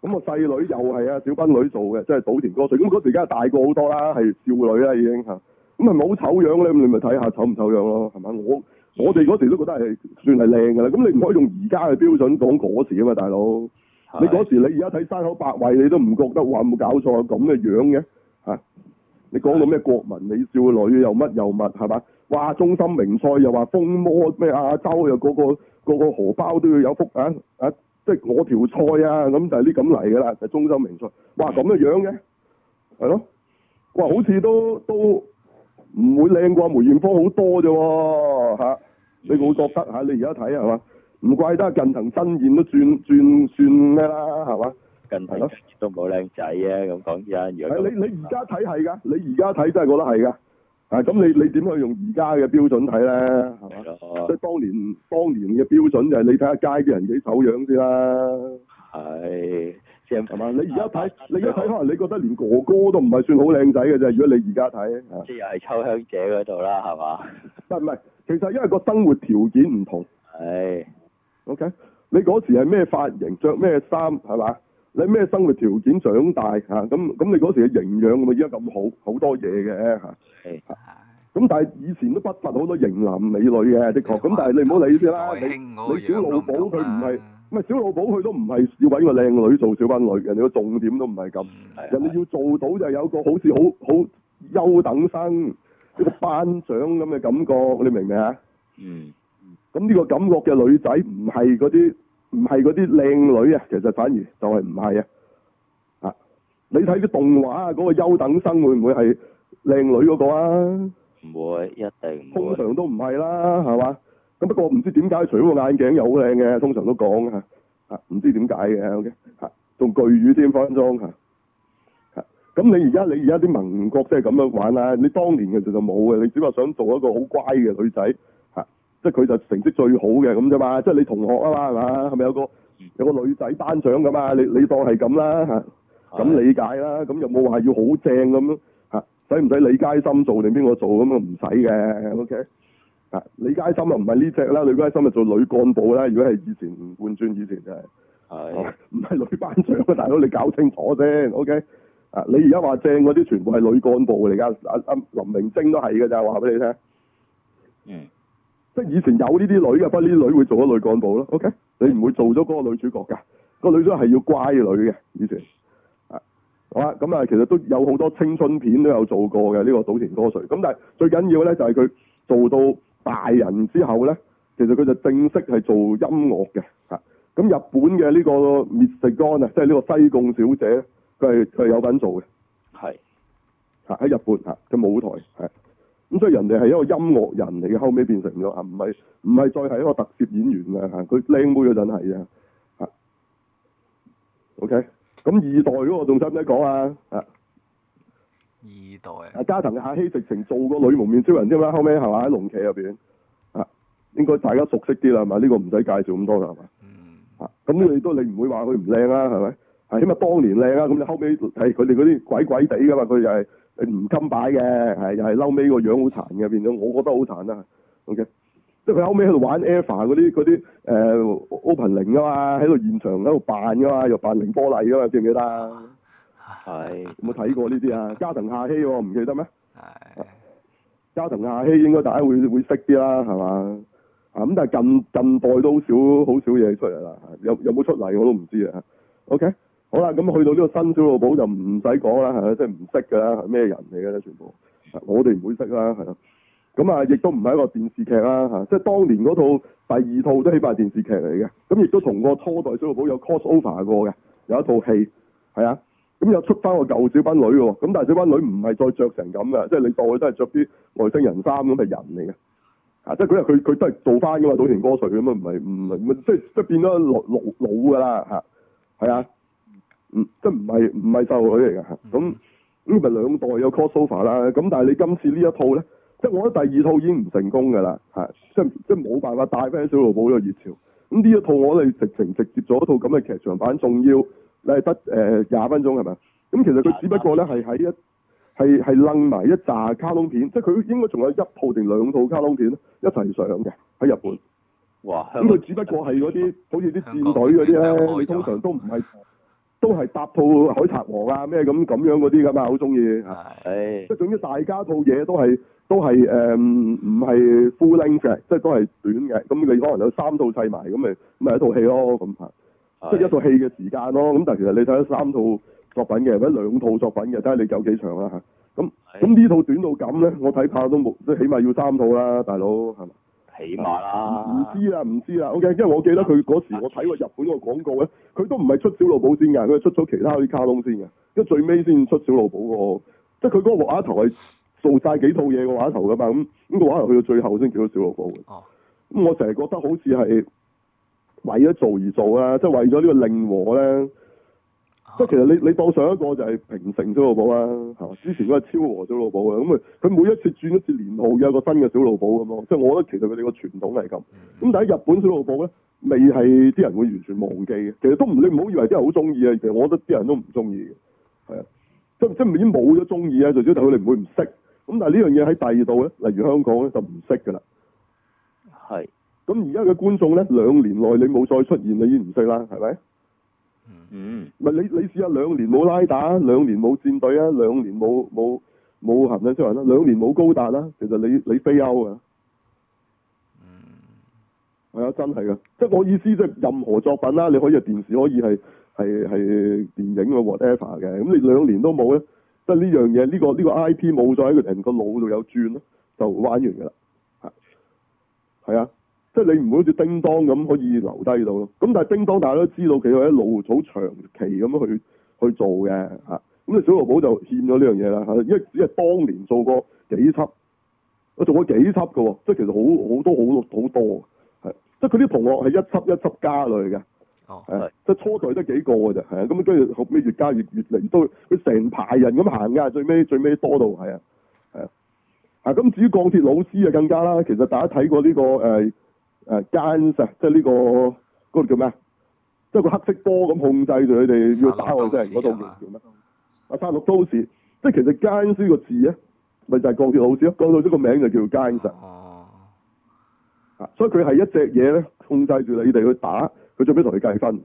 咁啊，細女又係啊，小斌女做嘅，即係島田歌穗。咁嗰時而家大個好多啦，係少女啦已經嚇。咁啊，冇醜樣咧，咁你咪睇下醜唔醜樣咯，係咪我？我哋嗰時都覺得係算係靚㗎啦，咁你唔可以用而家嘅標準講嗰時啊嘛，大佬。你嗰時你而家睇山口百惠，你都唔覺得話冇搞錯咁嘅樣嘅、啊、你講個咩國民美少女又乜又乜係嘛？話中森明菜又話風魔咩亞洲，又嗰個個荷包都要有福啊啊！即、啊、係、就是、我條菜啊咁就係呢咁嚟嘅啦，就是、中森明菜。哇，咁嘅樣嘅係咯，哇，好似都都～都唔會靚過梅艷芳好多啫喎，啊嗯，你會覺得嚇？你而家睇係嘛？唔怪得近藤真彥都轉轉轉咩啦係嘛？近藤都冇靚仔啊，咁講而家你你而家睇係㗎，你而家睇真係覺得係㗎。啊，嗯，咁你你點去用而家嘅標準睇咧係嘛？所以當年當年嘅標準就係你睇下街啲人幾醜樣先啦。係。係嘛？你而家睇，你而家睇可能你覺得連哥哥都唔係算好靚仔嘅啫。如果你而家睇，即又係秋香姐嗰度啦，係嘛？唔係唔係，其實因為個生活條件唔同。係。OK，你嗰時係咩髮型，着咩衫，係嘛？你咩生活條件長大嚇？咁咁，那那你嗰時嘅營養咪依家咁好，好多嘢嘅嚇。係。咁但係以前都不乏好多型男美女嘅，的確。咁、嗯、但係你唔好理先啦，你小露寶佢唔係。唔小露寶，佢都唔係要搵個靚女做小班女，人哋個重點都唔係咁，嗯啊、人哋要做到就有一個好似好好優等生，一個班長咁嘅感覺，你明唔明啊？嗯，咁呢個感覺嘅女仔唔係嗰啲唔係啲靚女啊，其實反而就係唔係啊，啊，你睇啲動畫嗰、嗰個優等生會唔會係靚女嗰個啊？唔會，一定唔會，通常都唔係啦，係嘛？咁不過唔知點解，除咗個眼鏡又好靚嘅，通常都講嚇嚇，唔知點解嘅，O K，嚇，仲巨乳添翻裝嚇嚇，咁你而家你而家啲盟國即係咁樣玩啦，你當年其實就冇嘅，你只不過想做一個好乖嘅女仔嚇、啊，即係佢就成績最好嘅咁啫嘛，即係、就是、你同學啊嘛係嘛，係咪有個有個女仔班長咁嘛？你你當係咁啦嚇，咁、啊、理解啦，咁又冇話要好正咁啊？使唔使李佳芯做定邊個做咁啊？唔使嘅，O K。Okay? 啊！李佳芯啊，唔係呢隻啦，李佳芯啊做女幹部啦。如果係以前唔換轉，以前就係、是，係唔係女班長啊？大佬你搞清楚先，OK？啊，你而家話正嗰啲全部係女幹部嚟噶，阿阿林明晶都係噶咋，話俾你聽。嗯。即係以前有呢啲女嘅，不呢啲女會做咗女幹部咯。OK？你唔會做咗嗰個女主角噶，個女主角係要乖女嘅以前。啊，好啦，咁啊，其實都有好多青春片都有做過嘅呢、這個島田歌穗。咁但係最緊要咧就係佢做到。大人之後咧，其實佢就正式係做音樂嘅，嚇、啊。咁日本嘅呢個 Miss Saigon 啊，即係呢個西貢小姐，佢係佢係有份做嘅，係嚇喺日本嚇嘅、啊、舞台，係咁，所以人哋係一個音樂人嚟嘅，後尾變成咗啊，唔係唔係再係一個特攝演員啦嚇。佢靚妹嗰陣係啊，嚇、啊。OK，咁二代嗰個仲使唔使講啊？啊二代啊，啊加藤夏希直情做個女蒙面超人啫嘛，後尾係咪喺龍騎入邊啊，應該大家熟悉啲啦，係咪？呢個唔使介紹咁多啦，係、嗯、嘛，啊咁你都你唔會話佢唔靚啦，係咪係咁啊？當年靚啦。咁你後尾，係佢哋嗰啲鬼鬼哋噶嘛，佢又係唔襟擺嘅，係又係嬲尾個樣好殘嘅，變咗我覺得好殘啊 OK，即係佢後尾喺度玩 EVA 嗰啲嗰啲誒 Opening 啊嘛，喺度現場喺度扮噶嘛，又扮綾波麗啊嘛，記唔記得啊？係有冇睇過呢啲啊？加藤夏希喎，唔記得咩？係加藤夏希應該大家會會識啲啦，係嘛啊咁？但係近近代都好少好少嘢出嚟啦，有有冇出嚟我都唔知啊。OK，好啦，咁去到呢個新小露寶就唔使講啦，係啦，即係唔識㗎啦，咩人嚟嘅咧？全部我哋唔會識啦，係啦。咁啊，亦都唔係一個電視劇啦，嚇，即係當年嗰套第二套都起碼係電視劇嚟嘅，咁亦都同個初代小露寶有 cross over 過嘅，有一套戲係啊。咁、嗯、又出翻個舊小班女喎，咁但係小班女唔係再着成咁嘅，即係你當佢都係着啲外星人衫咁嘅人嚟嘅，嚇、啊，即係佢佢都係做翻嘅嘛，賭城歌隨咁、嗯就是、啊，唔係唔係，即係即係變咗老老老嘅啦嚇，係啊，唔即係唔係唔係細路女嚟嘅，咁咁咪兩代有 crossover 啦，咁、啊、但係你今次呢一套咧，即係我覺得第二套已經唔成功嘅啦嚇，即係即係冇辦法帶翻小露寶呢個熱潮，咁、嗯、呢一套我哋直情直接做一套咁嘅劇場版仲要。你係得誒廿分鐘係咪？咁、嗯、其實佢只不過咧係喺一係係掕埋一紮卡通片，即係佢應該仲有一套定兩套卡通片一齊上嘅喺日本。哇！咁佢、嗯、只不過係嗰啲好似啲戰隊嗰啲咧，你通常都唔係都係搭套海賊王啊咩咁咁樣嗰啲㗎嘛，好鍾意。係。即係總之大家套嘢都係都係誒唔係 full length 嘅，即係都係短嘅。咁佢可能有三套砌埋咁咪咪一套戲咯咁嚇。嗯即係一套戲嘅時間咯，咁但係其實你睇咗三套作品嘅，或者兩套作品嘅，睇下你有幾長啦嚇。咁咁呢套短到咁咧，我睇怕都冇，即起碼要三套啦，大佬係嘛？起碼啦、啊。唔、啊、知啦，唔知啦。O、okay, K，因為我記得佢嗰時我睇過日本個廣告嘅，佢都唔係出小露寶先嘅，佢出咗其他啲卡通先嘅，因為最尾先出小露寶個。即係佢嗰個畫頭係做晒幾套嘢個畫頭噶嘛，咁咁個畫頭去到最後先叫到小露寶咁、啊、我成日覺得好似係。為咗做而做啦，即係為咗呢個令和咧，即係其實你你當上一個就係平成小露寶啦，吓之前嗰個昭和小露寶啊，咁啊佢每一次轉一次年號，有個新嘅小露寶咁咯，即係我覺得其實佢哋個傳統係咁。咁但係日本小露寶咧，未係啲人會完全忘記嘅。其實都唔你唔好以為啲人好中意啊，其實我覺得啲人都唔中意嘅，係啊，即係即係已經冇咗中意啊。最主要佢哋唔會唔識。咁但係呢樣嘢喺第二度咧，例如香港咧就唔識噶啦。係。咁而家嘅觀眾咧，兩年內你冇再出現，你已經唔衰啦，係咪？嗯，咪你你試下兩年冇拉打，兩年冇戰隊啊，兩年冇冇冇行得出嚟啦，嗯，兩年冇高達啦，其實你你飛歐啊，嗯，係、哎、啊，真係噶，即係我意思，即係任何作品啦，你可以係電視，可以係係係電影啊，whatever 嘅，咁你兩年都冇咧，即係呢樣嘢，呢個呢個 I P 冇再喺人個腦度有轉咯，就玩完噶啦，係係啊。即係你唔會好似叮當咁可以留低到咯，咁但係叮當大家都知道，佢喺露草長期咁樣去去做嘅嚇，咁啊小露寶就欠咗呢樣嘢啦嚇，因為只係當年做過幾輯，我做過幾輯嘅，即係其實好好多好好多，係即係佢啲同學係一輯一輯加落去嘅，係、哦、即係初代得幾個嘅啫，係咁跟住後屘越加越越嚟越多，佢成排人咁行㗎，最尾最屘多到係啊係啊，啊咁至於鋼鐵老師啊更加啦，其實大家睇過呢、呢個誒。呃誒、uh, 這個，奸神即係呢個嗰個叫咩？即係個黑色波咁控制住佢哋要打我，即嗰度叫咩？阿沙洛克斯，即係其實奸書個字咧，咪就係講啲好事咯。講到咗個名就叫奸神。哦。啊，啊啊是是是啊 uh, 所以佢係一隻嘢咧，控制住你哋去打，佢最屘同你計分。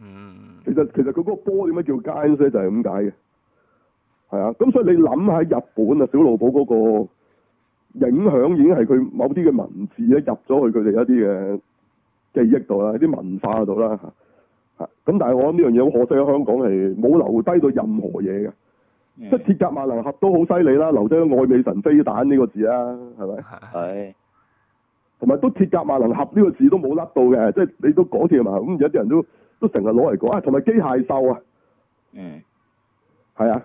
嗯。其實其實佢嗰個波點解叫奸呢？就係咁解嘅。係啊，咁所以你諗下日本啊，小露寶嗰、嗰個。影響已經係佢某啲嘅文字咧入咗去佢哋一啲嘅記憶度啦，一啲文化度啦嚇。咁但係我諗呢樣嘢，好可惜，喺香港係冇留低到任何嘢嘅。Yeah. 即係鐵甲萬能俠都好犀利啦，留低咗「愛美神飛彈」呢個字、yeah. 哎、啊，係咪？係。同埋都鐵甲萬能俠呢個字都冇甩到嘅，即係你都講住啊嘛。咁有啲人都都成日攞嚟講啊，同埋機械獸啊。嗯。係啊。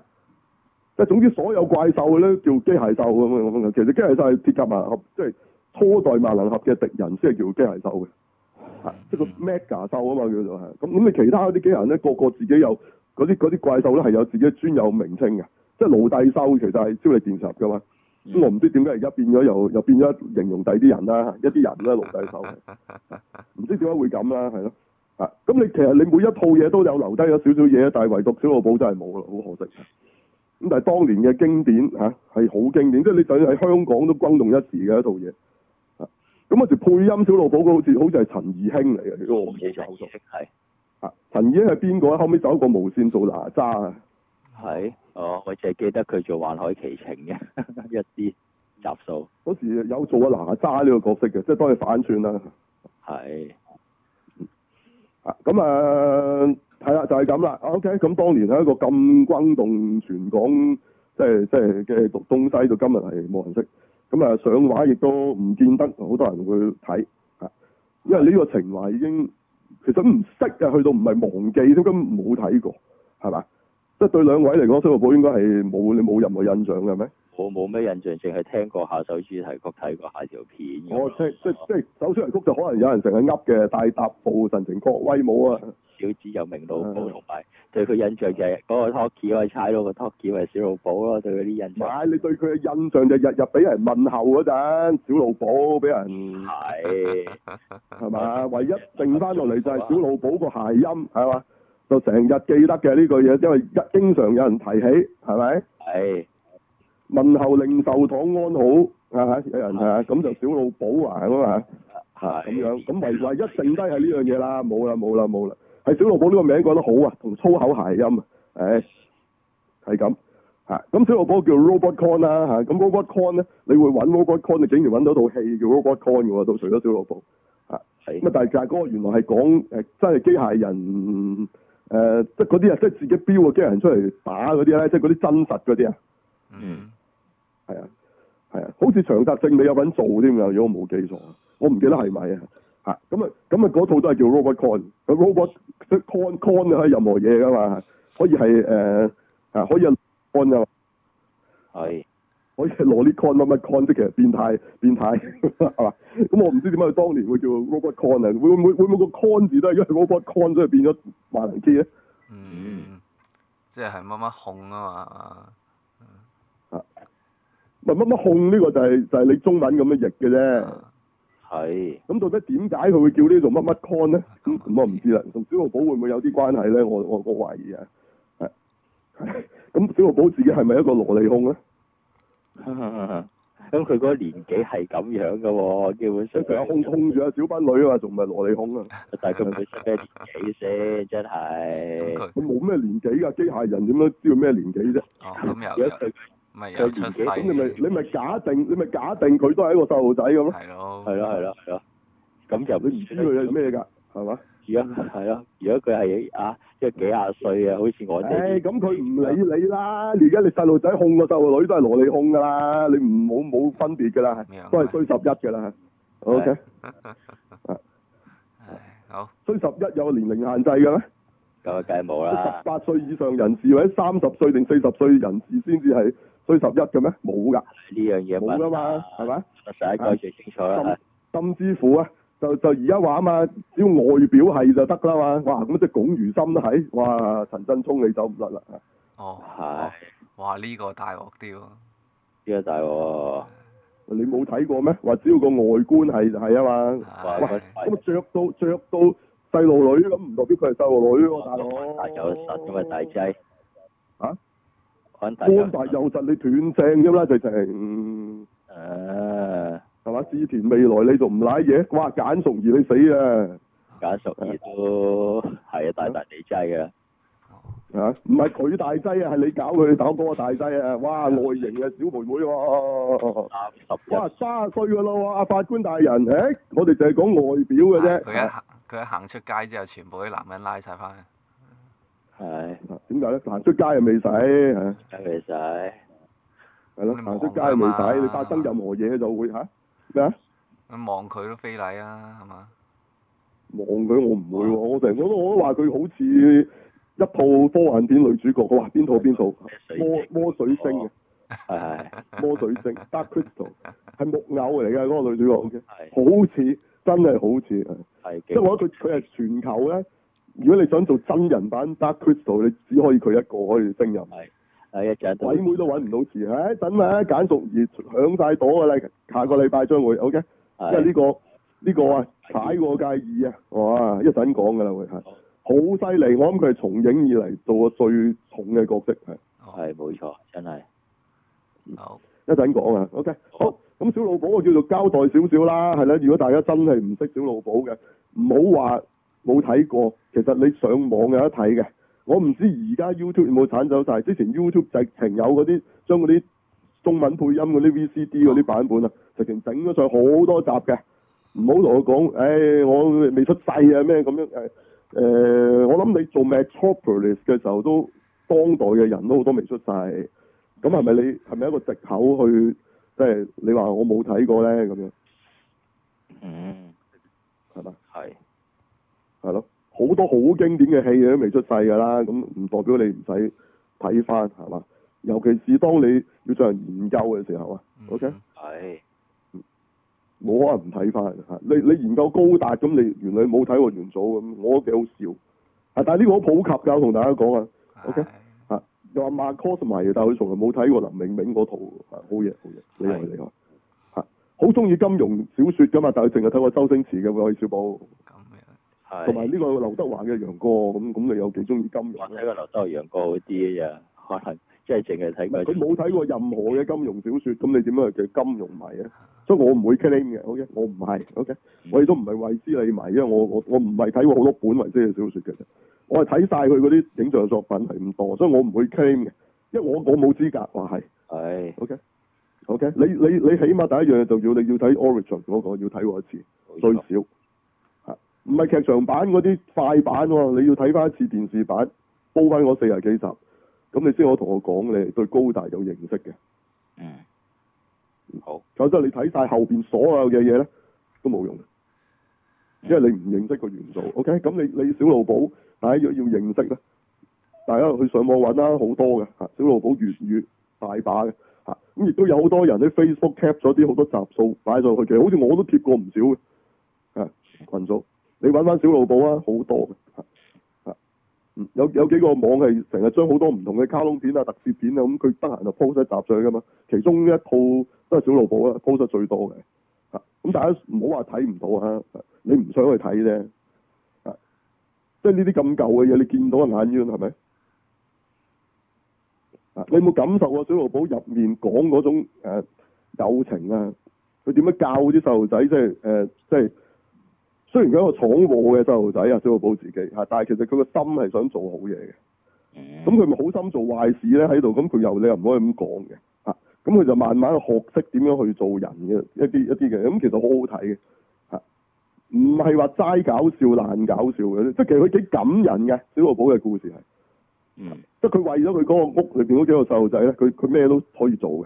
即總之，所有怪獸咧叫機械獸咁樣。其實機械獸係鐵甲萬能俠，即係初代萬能俠嘅敵人先係叫機械獸嘅，即係個 Mega 獸啊嘛，叫做係。咁咁你其他啲機械人咧，個個自己有嗰啲啲怪獸咧係有自己專有名稱嘅，即係奴隸獸其實係超力電鰭噶嘛。咁我唔知點解而家變咗又又變咗形容第啲人啦，一啲人咧奴隸獸，唔知點解會咁啦，係咯。啊，咁你其實你每一套嘢都有留低咗少少嘢，但係唯獨小露寶真係冇啦，好可惜的。咁但係當年嘅經典吓係好經典，即係你就喺香港都轟動一時嘅一套嘢。咁嗰時配音小露寶好似好似係陳怡興嚟嘅。我好似好熟悉，係。啊，陳怡興係邊個啊？後尾走個無綫做哪吒是，啊？係。哦，我淨係記得佢做海其的《幻海奇情》嘅一啲集數。嗰時有做啊哪吒呢個角色嘅，即係當佢反串啦。係。啊，咁啊。就係咁啦，OK，咁當年係一個咁轟動全港，即係即係嘅讀東西，到今日係冇人識，咁啊上畫亦都唔見得好多人會睇，啊，因為呢個情懷已經其實唔識啊，去到唔係忘記都咁冇睇過，係嘛？即係對兩位嚟講，小露寶應該係冇你冇任何印象嘅咩？我冇咩印象，淨係聽過下首主題曲，睇過下條片。我即即即首主題曲就可能有人成日噏嘅，大踏步、神情國威武啊！小子又明路寶，同 埋對佢印象就係、是、嗰 個托基，我係踩到個托基咪小露寶咯。對佢啲印象、就是。唉， 你對佢嘅印象就日日俾人問候嗰陣，小露寶俾人係，係、嗯、嘛？ 是吧 唯一剩翻落嚟就係小露寶個諧音，係嘛？就成日記得嘅呢句嘢，因為一經常有人提起，係咪？係。問候零售堂安好，啊吓，有人啊，咁就小老保啊，係、啊、嘛，係咁樣，咁唯唯一剩低係呢樣嘢啦，冇啦冇啦冇啦，係、啊、小老保呢個名講得好啊，同粗口諧音咁，誒、啊，係咁，吓、啊，咁小老保叫 robot con 啦、啊，吓，咁 robot con 咧，你會揾 robot con，你竟然揾到套戲叫 robot con 嘅喎，到除咗小老保，吓、啊，係，咁啊但係就係個原來係講誒，真係機械人，誒、啊，即係嗰啲啊，即係自己標個機械人出嚟打嗰啲咧，即係嗰啲真實嗰啲啊，嗯。係啊，係啊，好似長達正你有份做㗎，如果我冇記錯，我唔記得係咪啊？嚇咁啊咁啊，嗰、那、套、個、都係叫 Robot Coin，Robot Coin Coin 啊，可以任何嘢㗎嘛，可以係誒嚇，可以啊 Coin 係，可以攞啲 Coin 乜乜 Coin 即係變態變態係嘛？咁、啊、我唔知點解佢當年會叫 Robot Coin，會唔會會唔會，會個 Coin 字都係因為 Robot Coin 所以變咗萬能機咧？嗯，即係係乜乜控啊嘛？乜乜控呢、呢個就係、是、就係、是、你中文咁樣譯嘅啫，係。咁、啊、到底點解佢會叫這何何呢度乜乜 con 咧？咁咁我唔知啦。同小露寶會唔會有啲關係咧？我我懷疑啊。咁、啊、小露寶自己係咪一個蘿莉控咧？哈咁佢個年紀係咁樣噶喎、啊，基本上佢阿控控住阿小班女孩還是空啊，仲唔係蘿莉控啊？但係佢咩年紀先？真係。佢冇咩年紀㗎，機械人點樣知道咩年紀啫？哦。唔啊，咁你咪你咪假定你咪假定佢都係一個細路仔咁咯，係咯係啦係啦，咁其實都唔知佢係咩㗎，係嘛？如果係咯，如果佢係啊，即係幾廿歲嘅，好似我哋，咁佢唔理你啦。而家你細路仔控個細路女都係蘿莉控㗎啦，你唔冇冇分別㗎啦，都係衰十一㗎啦。O、okay? K， 啊，好，衰十一有個年齡限制㗎咩？咁啊梗係冇啦，十八歲以上人士或者三十歲定四十歲人士先至係。衰十一嘅咩？冇噶，呢樣嘢冇噶嘛，係咪嘛？第一個最清楚啦。甚至乎啊，就就而家話啊嘛，只要外表係就得啦嘛。哇，咁即係龔如心都係，哇，陳振聰你走唔甩啦。哦，係，哇，呢個大鑊啲喎，邊個大鑊？你冇睇過咩？話只要個外觀係就係啊嘛。哇，咁着到着到細路女咁，唔代表佢係細路女喎，大佬。大有實都係大劑。啊？啊啊。官大幼侄，你斷正咁啦，直情。誒、uh，係嘛？之前未來你仲唔瀨嘢？哇，簡淑兒你死啊！簡淑兒都係 啊，大大地劑啊，啊，唔係佢大劑啊，係你搞佢搞嗰個大劑啊！哇，外形啊，小妹妹喎、啊，哇，三十歲噶咯喎，法官大人，誒、欸，我哋就係講外表嘅啫。佢一佢、啊、一,一行出街之後，全部啲男人拉晒翻去。係、哎。點解咧？行出街又未使，係未使，係咯，行出街又未使，你發生任何嘢就會吓咩啊？望佢都非禮啊，係嘛？望佢我唔會、啊哦，我成日我都我都話佢好似一套科幻片女主角，佢話邊套邊套，魔、哦、魔水星嘅，係、哦、係魔水星 ，Dark Crystal，係木偶嚟嘅嗰個女主角，好似真係好似，係即係我覺得佢佢係全球咧。如果你想做真人版 Dark Crystal，你只可以佢一個可以升入。係係一隻鬼妹都揾唔到字，唉，等陣啊，簡淑兒響晒朵噶啦，下個禮拜將會，OK，因為呢個呢、呢個啊踩過界二啊，哇一陣講噶啦會係，好犀利，我諗佢係從影以嚟做個最重嘅角色係，係冇錯，真係，好一陣講啊，OK，好，咁小露寶我叫做交代少少啦，係咧，如果大家真係唔識小露寶嘅，唔好話。冇睇過，其實你上網有得睇嘅。我唔知而家 YouTube 有冇剷走晒。之前 YouTube 直情有嗰啲將嗰啲中文配音嗰啲 VCD 嗰啲版本啊，直情整咗上好多集嘅。唔好同我講，唉、哎，我未出世啊咩咁樣誒誒、呃，我諗你做 Metropolis 嘅時候都當代嘅人都好多未出世，咁係咪你係咪一個藉口去即係、就是、你話我冇睇過呢？咁樣？都好經典嘅戲嘅都未出世㗎啦，咁唔代表你唔使睇翻係嘛？尤其是當你要進行研究嘅時候啊，O K 係，冇、嗯 okay? 可能唔睇翻嚇。你你研究高達咁，你原來冇睇過元祖咁，我都幾好笑。係，但係呢個好普及㗎，我同大家講啊，O K 嚇。有阿媽 cos 埋，okay? Marcosme, 但係佢從來冇睇過林明明嗰套，好嘢、好嘢。你又你又嚇，好中意金庸小説㗎嘛？但係淨係睇過周星馳嘅《韋小寶》。同埋呢個劉德華嘅楊過咁咁，你有幾中意金庸？睇過劉德華楊過嗰啲啊，係即係淨係睇。佢冇睇過任何嘅金庸小説，咁你點樣去叫金庸迷啊？所以我唔會 claim 嘅，好、okay? 嘅、okay? 嗯，我唔係，好嘅，我亦都唔係衛斯理迷，因為我我我唔係睇過好多本衛斯理嘅小説嘅，我係睇晒佢嗰啲影像作品係咁多，所以我唔會 claim 嘅，因為我我冇資格話係。係。好、okay? 嘅，好、okay? 嘅、okay? 你你你起碼第一樣嘢就要你要睇 Origin，嗰個要睇過一次最少。唔係劇場版嗰啲快版喎、啊，你要睇翻一次電視版，煲翻我四十幾集，咁你先可以同我講，你對高達有認識嘅。嗯。好。否、就、則、是、你睇晒後邊所有嘅嘢咧，都冇用，嘅，因為你唔認識個元素。OK，咁你你小露寶，大家要，要認識咧，大家去上網揾啦，好多嘅嚇。小露寶粵語大把嘅嚇，咁亦、啊、都有好多人喺 Facebook cap 咗啲好多集數擺上去，其實好似我都貼過唔少嘅，啊羣組。你揾翻小露寶啊，好多嘅，有有幾個網係成日將好多唔同嘅卡通片啊、特攝片啊咁，佢得閒就 post 一集上噶嘛。其中一套都係小露寶啦，post 最多嘅，咁大家唔好話睇唔到啊，你唔想去睇啫，即係呢啲咁舊嘅嘢，你見到眼冤係咪？啊，你有冇感受過小露寶入面講嗰種、呃、友情啊，佢點樣教啲細路仔即係、呃、即係？雖然佢一個闖禍嘅細路仔啊，小布寶自己嚇，但係其實佢個心係想做好嘢嘅。咁佢咪好心做壞事咧？喺度咁佢又你又唔可以咁講嘅嚇。咁、啊、佢就慢慢學識點樣去做人嘅一啲一啲嘅。咁、嗯、其實很好好睇嘅嚇，唔係話齋搞笑難搞笑嘅，即係其實佢幾感人嘅。小布寶嘅故事係，即係佢為咗佢嗰個屋裏邊嗰幾個細路仔咧，佢佢咩都可以做嘅。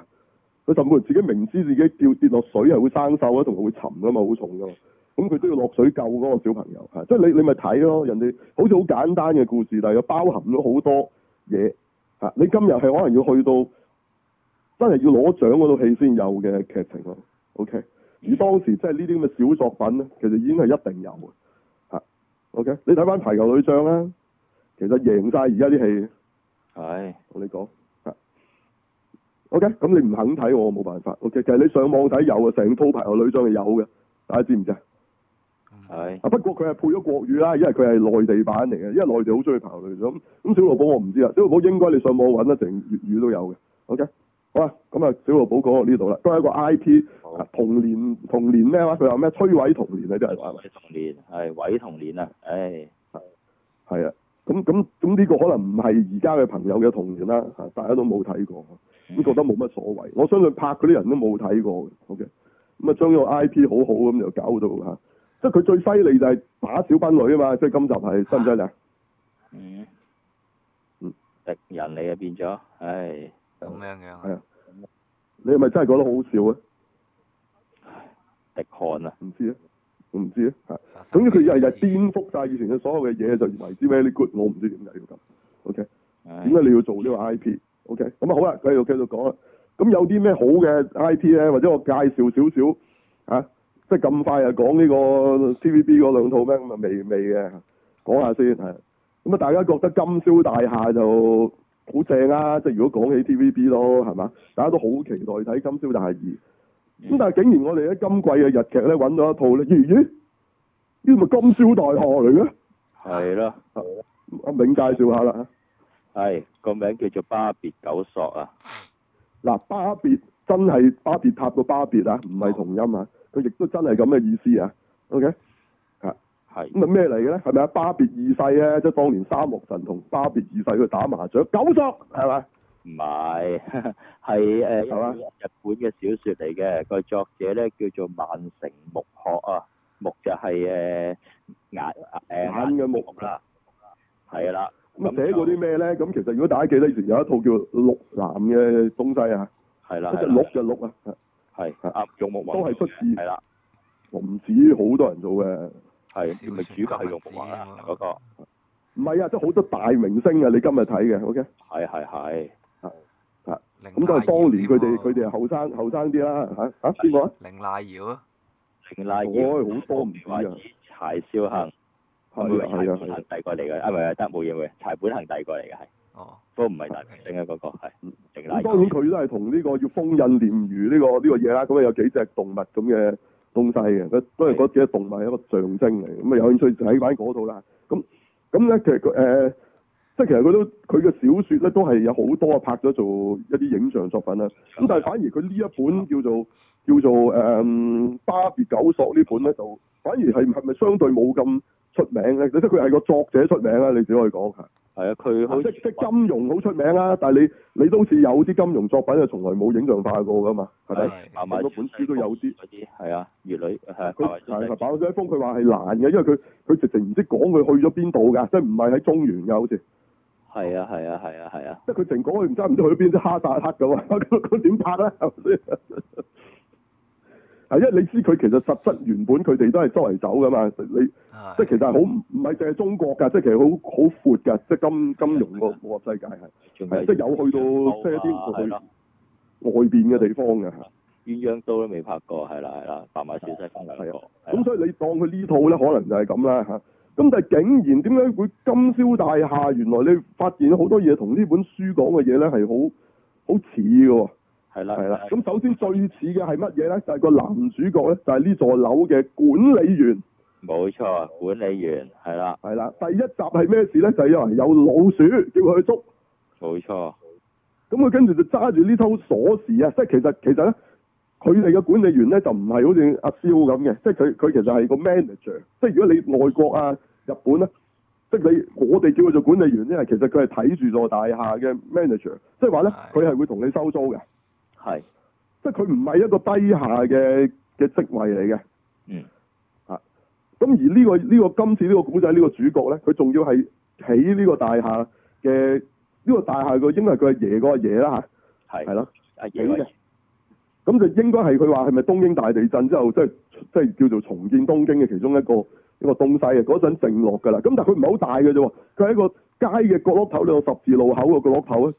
佢甚至乎自己明知自己跌跌落水係會生鏽啊，同埋會沉噶嘛，好重噶嘛。咁佢都要落水救嗰個小朋友嚇，即係你你咪睇咯。人哋好似好簡單嘅故事，但係又包含咗好多嘢嚇。你今日係可能要去到真係要攞獎嗰套戲先有嘅劇情咯。OK，而當時即係呢啲咁嘅小作品咧，其實已經係一定有嘅嚇。OK，你睇翻排球女將啦，其實贏晒而家啲戲。係，你 OK? 你我你講嚇。OK，咁你唔肯睇我冇辦法。OK，其實你上網睇有啊，成套排球女將係有嘅，大家知唔知啊？係啊，不過佢係配咗國語啦，因為佢係內地版嚟嘅，因為內地好中意跑嘅咁。咁小露寶我唔知啦，小露寶應該你上網揾得，成粵語都有嘅。OK，好啊，咁啊，小露寶講到呢度啦，都係一個 IP，哦。啊，童年，童年咧，哇！佢話咩？摧毀童年啊，啲人。摧毀童年係毀童年啊！唉，係係啊。咁咁咁呢個可能唔係而家嘅朋友嘅童年啦，嚇大家都冇睇過，都、嗯、覺得冇乜所謂。我相信拍嗰啲人都冇睇過嘅。OK，咁啊將呢個 IP 很好好咁就搞到嚇。即係佢最犀利就係打小兵女啊嘛！即係今集係，犀唔犀利啊？嗯嗯，敵人你啊變咗，唉咁樣嘅，係啊，你係咪真係覺得好好笑啊？滴汗啊？唔知啊，唔知啊，係。總之佢日日顛覆晒以前嘅所有嘅嘢，就以為咩呢？very Good，我唔知點解要咁。OK，點解你要做呢個 IP？OK，、okay? 咁啊好啦，繼續繼續講啦。咁有啲咩好嘅 IP 咧，或者我介紹少少？即咁快又講呢個 TVB 嗰兩套咩咁啊未未嘅講下先係，咁啊大家覺得《金宵大廈》就好正啊！即如果講起 TVB 咯，係嘛？大家都好期待睇《金宵大廈二》嗯。咁但係竟然我哋喺今季嘅日劇咧揾到一套咧，咦？呢咪《金宵大廈》嚟嘅？係、啊、咯，阿銘介紹下啦。係個名叫做《巴別九朔》啊。嗱，巴別真係巴別塔個巴別啊，唔係同音啊。佢亦都真係咁嘅意思啊，OK，係，係，咁啊咩嚟嘅咧？係咪啊？巴別二世啊，即係當年沙漠神同巴別二世去打麻雀九局，係嘛？唔係，係誒日本嘅小説嚟嘅，個作者咧叫做萬城目學啊，目就係誒眼誒眼嘅目。啦，係啦。咁啊寫過啲咩咧？咁其實如果大家記得以前有一套叫《鹿男》嘅東西啊，係啦，即係鹿嘅鹿啊。係係阿楊慕華都係出自係啦，我唔止好多人做嘅，係主角係楊慕華啦嗰個，唔係啊，即係好多大明星啊，你今日睇嘅，OK，係係係，係，咁都係當年佢哋佢哋後生後生啲啦吓吓，邊、嗯、個啊？凌瀨瑤啊，凌瀨瑤，我好多唔係話柴少恒，係咪柴少恒第個嚟嘅？啊唔得冇嘢，冇柴本恒第個嚟嘅係。哦，都唔係大平定啊，嗰、那個係、嗯嗯嗯嗯嗯。當然佢都係同呢個叫封印鱸魚呢、這個呢、這個嘢啦。咁、嗯、啊有幾隻動物咁嘅東西嘅，都都係嗰幾隻動物係一個象徵嚟。咁、嗯、啊有興趣就睇返嗰套啦。咁咁咧其實誒、呃，即係其實佢都佢嘅小説咧都係有好多拍咗做一啲影像作品啦。咁、嗯、但係反而佢呢一本叫做、嗯、叫做誒巴別九朔本呢本咧，就反而係係咪相對冇咁出名咧？即係佢係個作者出名啊？你只可以講嚇。係啊，佢好即即金融好出名啊，但係你你都好似有啲金融作品啊，從來冇影像化過噶嘛，係咪？買咗本書都有啲，係啊，越女係啊，佢佢佢寫封佢話係難嘅，因為佢佢直情唔識講佢去咗邊度噶，即係唔係喺中原噶，好似。係啊係啊係啊係啊！即係佢成果，佢唔知唔知去咗邊啲哈薩克噶嘛，咁佢點拍咧？ 係因為，你知佢其實實質原本佢哋都係周圍走噶嘛？你即係其實係好唔係淨係中國㗎，即係其實好好闊㗎，即係金金融個世界係，即係有去到即係一啲外邊嘅地方嘅。鴛鴦酥都未拍過，係啦係啦，白馬先生係啊，咁所以你當佢呢套咧，可能就係咁啦嚇。咁、啊、但係竟然點解會金宵大廈？原來你發現好多嘢同呢本書講嘅嘢咧，係好好似嘅。係啦，係啦。咁首先最似嘅係乜嘢咧？就係、是、個男主角咧，就係、是、呢座樓嘅管理員。冇錯，管理員係啦，係啦。第一集係咩事咧？就係有人有老鼠叫佢去，叫佢去捉。冇錯。咁佢跟住就揸住呢套鎖匙啊！即係其實其實咧，佢哋嘅管理員咧就唔係好似阿蕭咁嘅，即係佢佢其實係個 manager。即係如果你外國啊、日本咧，即係你我哋叫佢做管理員，因為其實佢係睇住座大廈嘅 manager 即。即係話咧，佢係會同你收租嘅。係，即係佢唔係一個低下嘅嘅職位嚟嘅，嗯，啊，咁而呢個呢個今次呢個古仔呢個主角咧，佢仲要係起呢個大廈嘅呢個大廈嘅，應該係佢係爺嗰個爺啦吓，係係咯，係爺嘅，咁就應該係佢話係咪東京大地震之後，即係即係叫做重建東京嘅其中一個一個東西啊，嗰陣靜落噶啦，咁但係佢唔係好大嘅啫，佢係一個街嘅角落頭，你個十字路口個角落頭啊。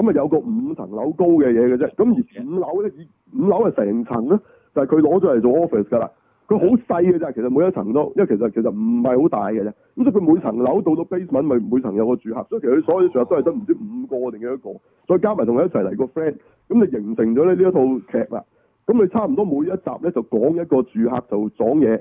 咁啊有個五層樓高嘅嘢嘅啫，咁而五樓咧，五樓係成層咧，就係佢攞咗嚟做 office 噶啦。佢好細嘅啫，其實每一層都，因為其實其實唔係好大嘅啫。咁即係佢每層樓到到 basement 咪每層有個住客，所以其實佢所有嘅住客都係得唔知五個定幾多個，再加埋同佢一齊嚟個 friend，咁就形成咗咧呢一套劇啦。咁佢差唔多每一集咧就講一個住客就撞嘢，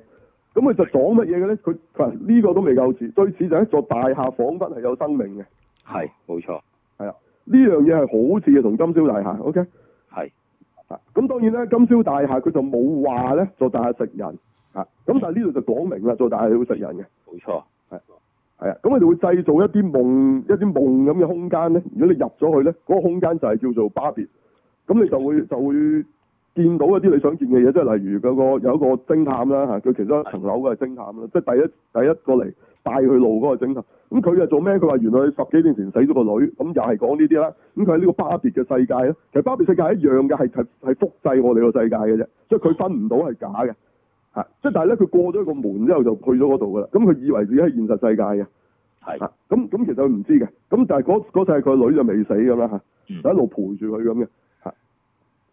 咁佢就撞乜嘢嘅咧？佢唔呢個都未夠似，最似就係一座大廈仿佛係有生命嘅。係，冇錯。係啊。呢樣嘢係好似啊，同金宵大廈，OK？係啊，咁當然咧，金宵大廈佢就冇話咧做大廈食人，嚇、啊、咁，但係呢度就講明啦，做大廈係會食人嘅，冇錯，係係啊，咁佢哋會製造一啲夢，一啲夢咁嘅空間咧。如果你入咗去咧，嗰、那個空間就係叫做巴別，咁你就會就會。見到嗰啲你想見嘅嘢，即係例如嗰個有一個偵探啦嚇，佢其中一層樓嘅係偵探啦，即係第一第一個嚟帶佢路嗰個偵探，咁佢啊做咩？佢話原來佢十幾年前死咗個女，咁又係講呢啲啦。咁佢喺呢個巴別嘅世界咧，其實巴別世界係一樣嘅，係係係複製我哋個世界嘅啫，所以佢分唔到係假嘅，嚇。即係但係咧，佢過咗個門之後就去咗嗰度噶啦，咁佢以為自己喺現實世界嘅，係，咁、啊、咁其實佢唔知嘅。咁但係嗰世佢個女就未死咁啦嚇，就一路陪住佢咁嘅。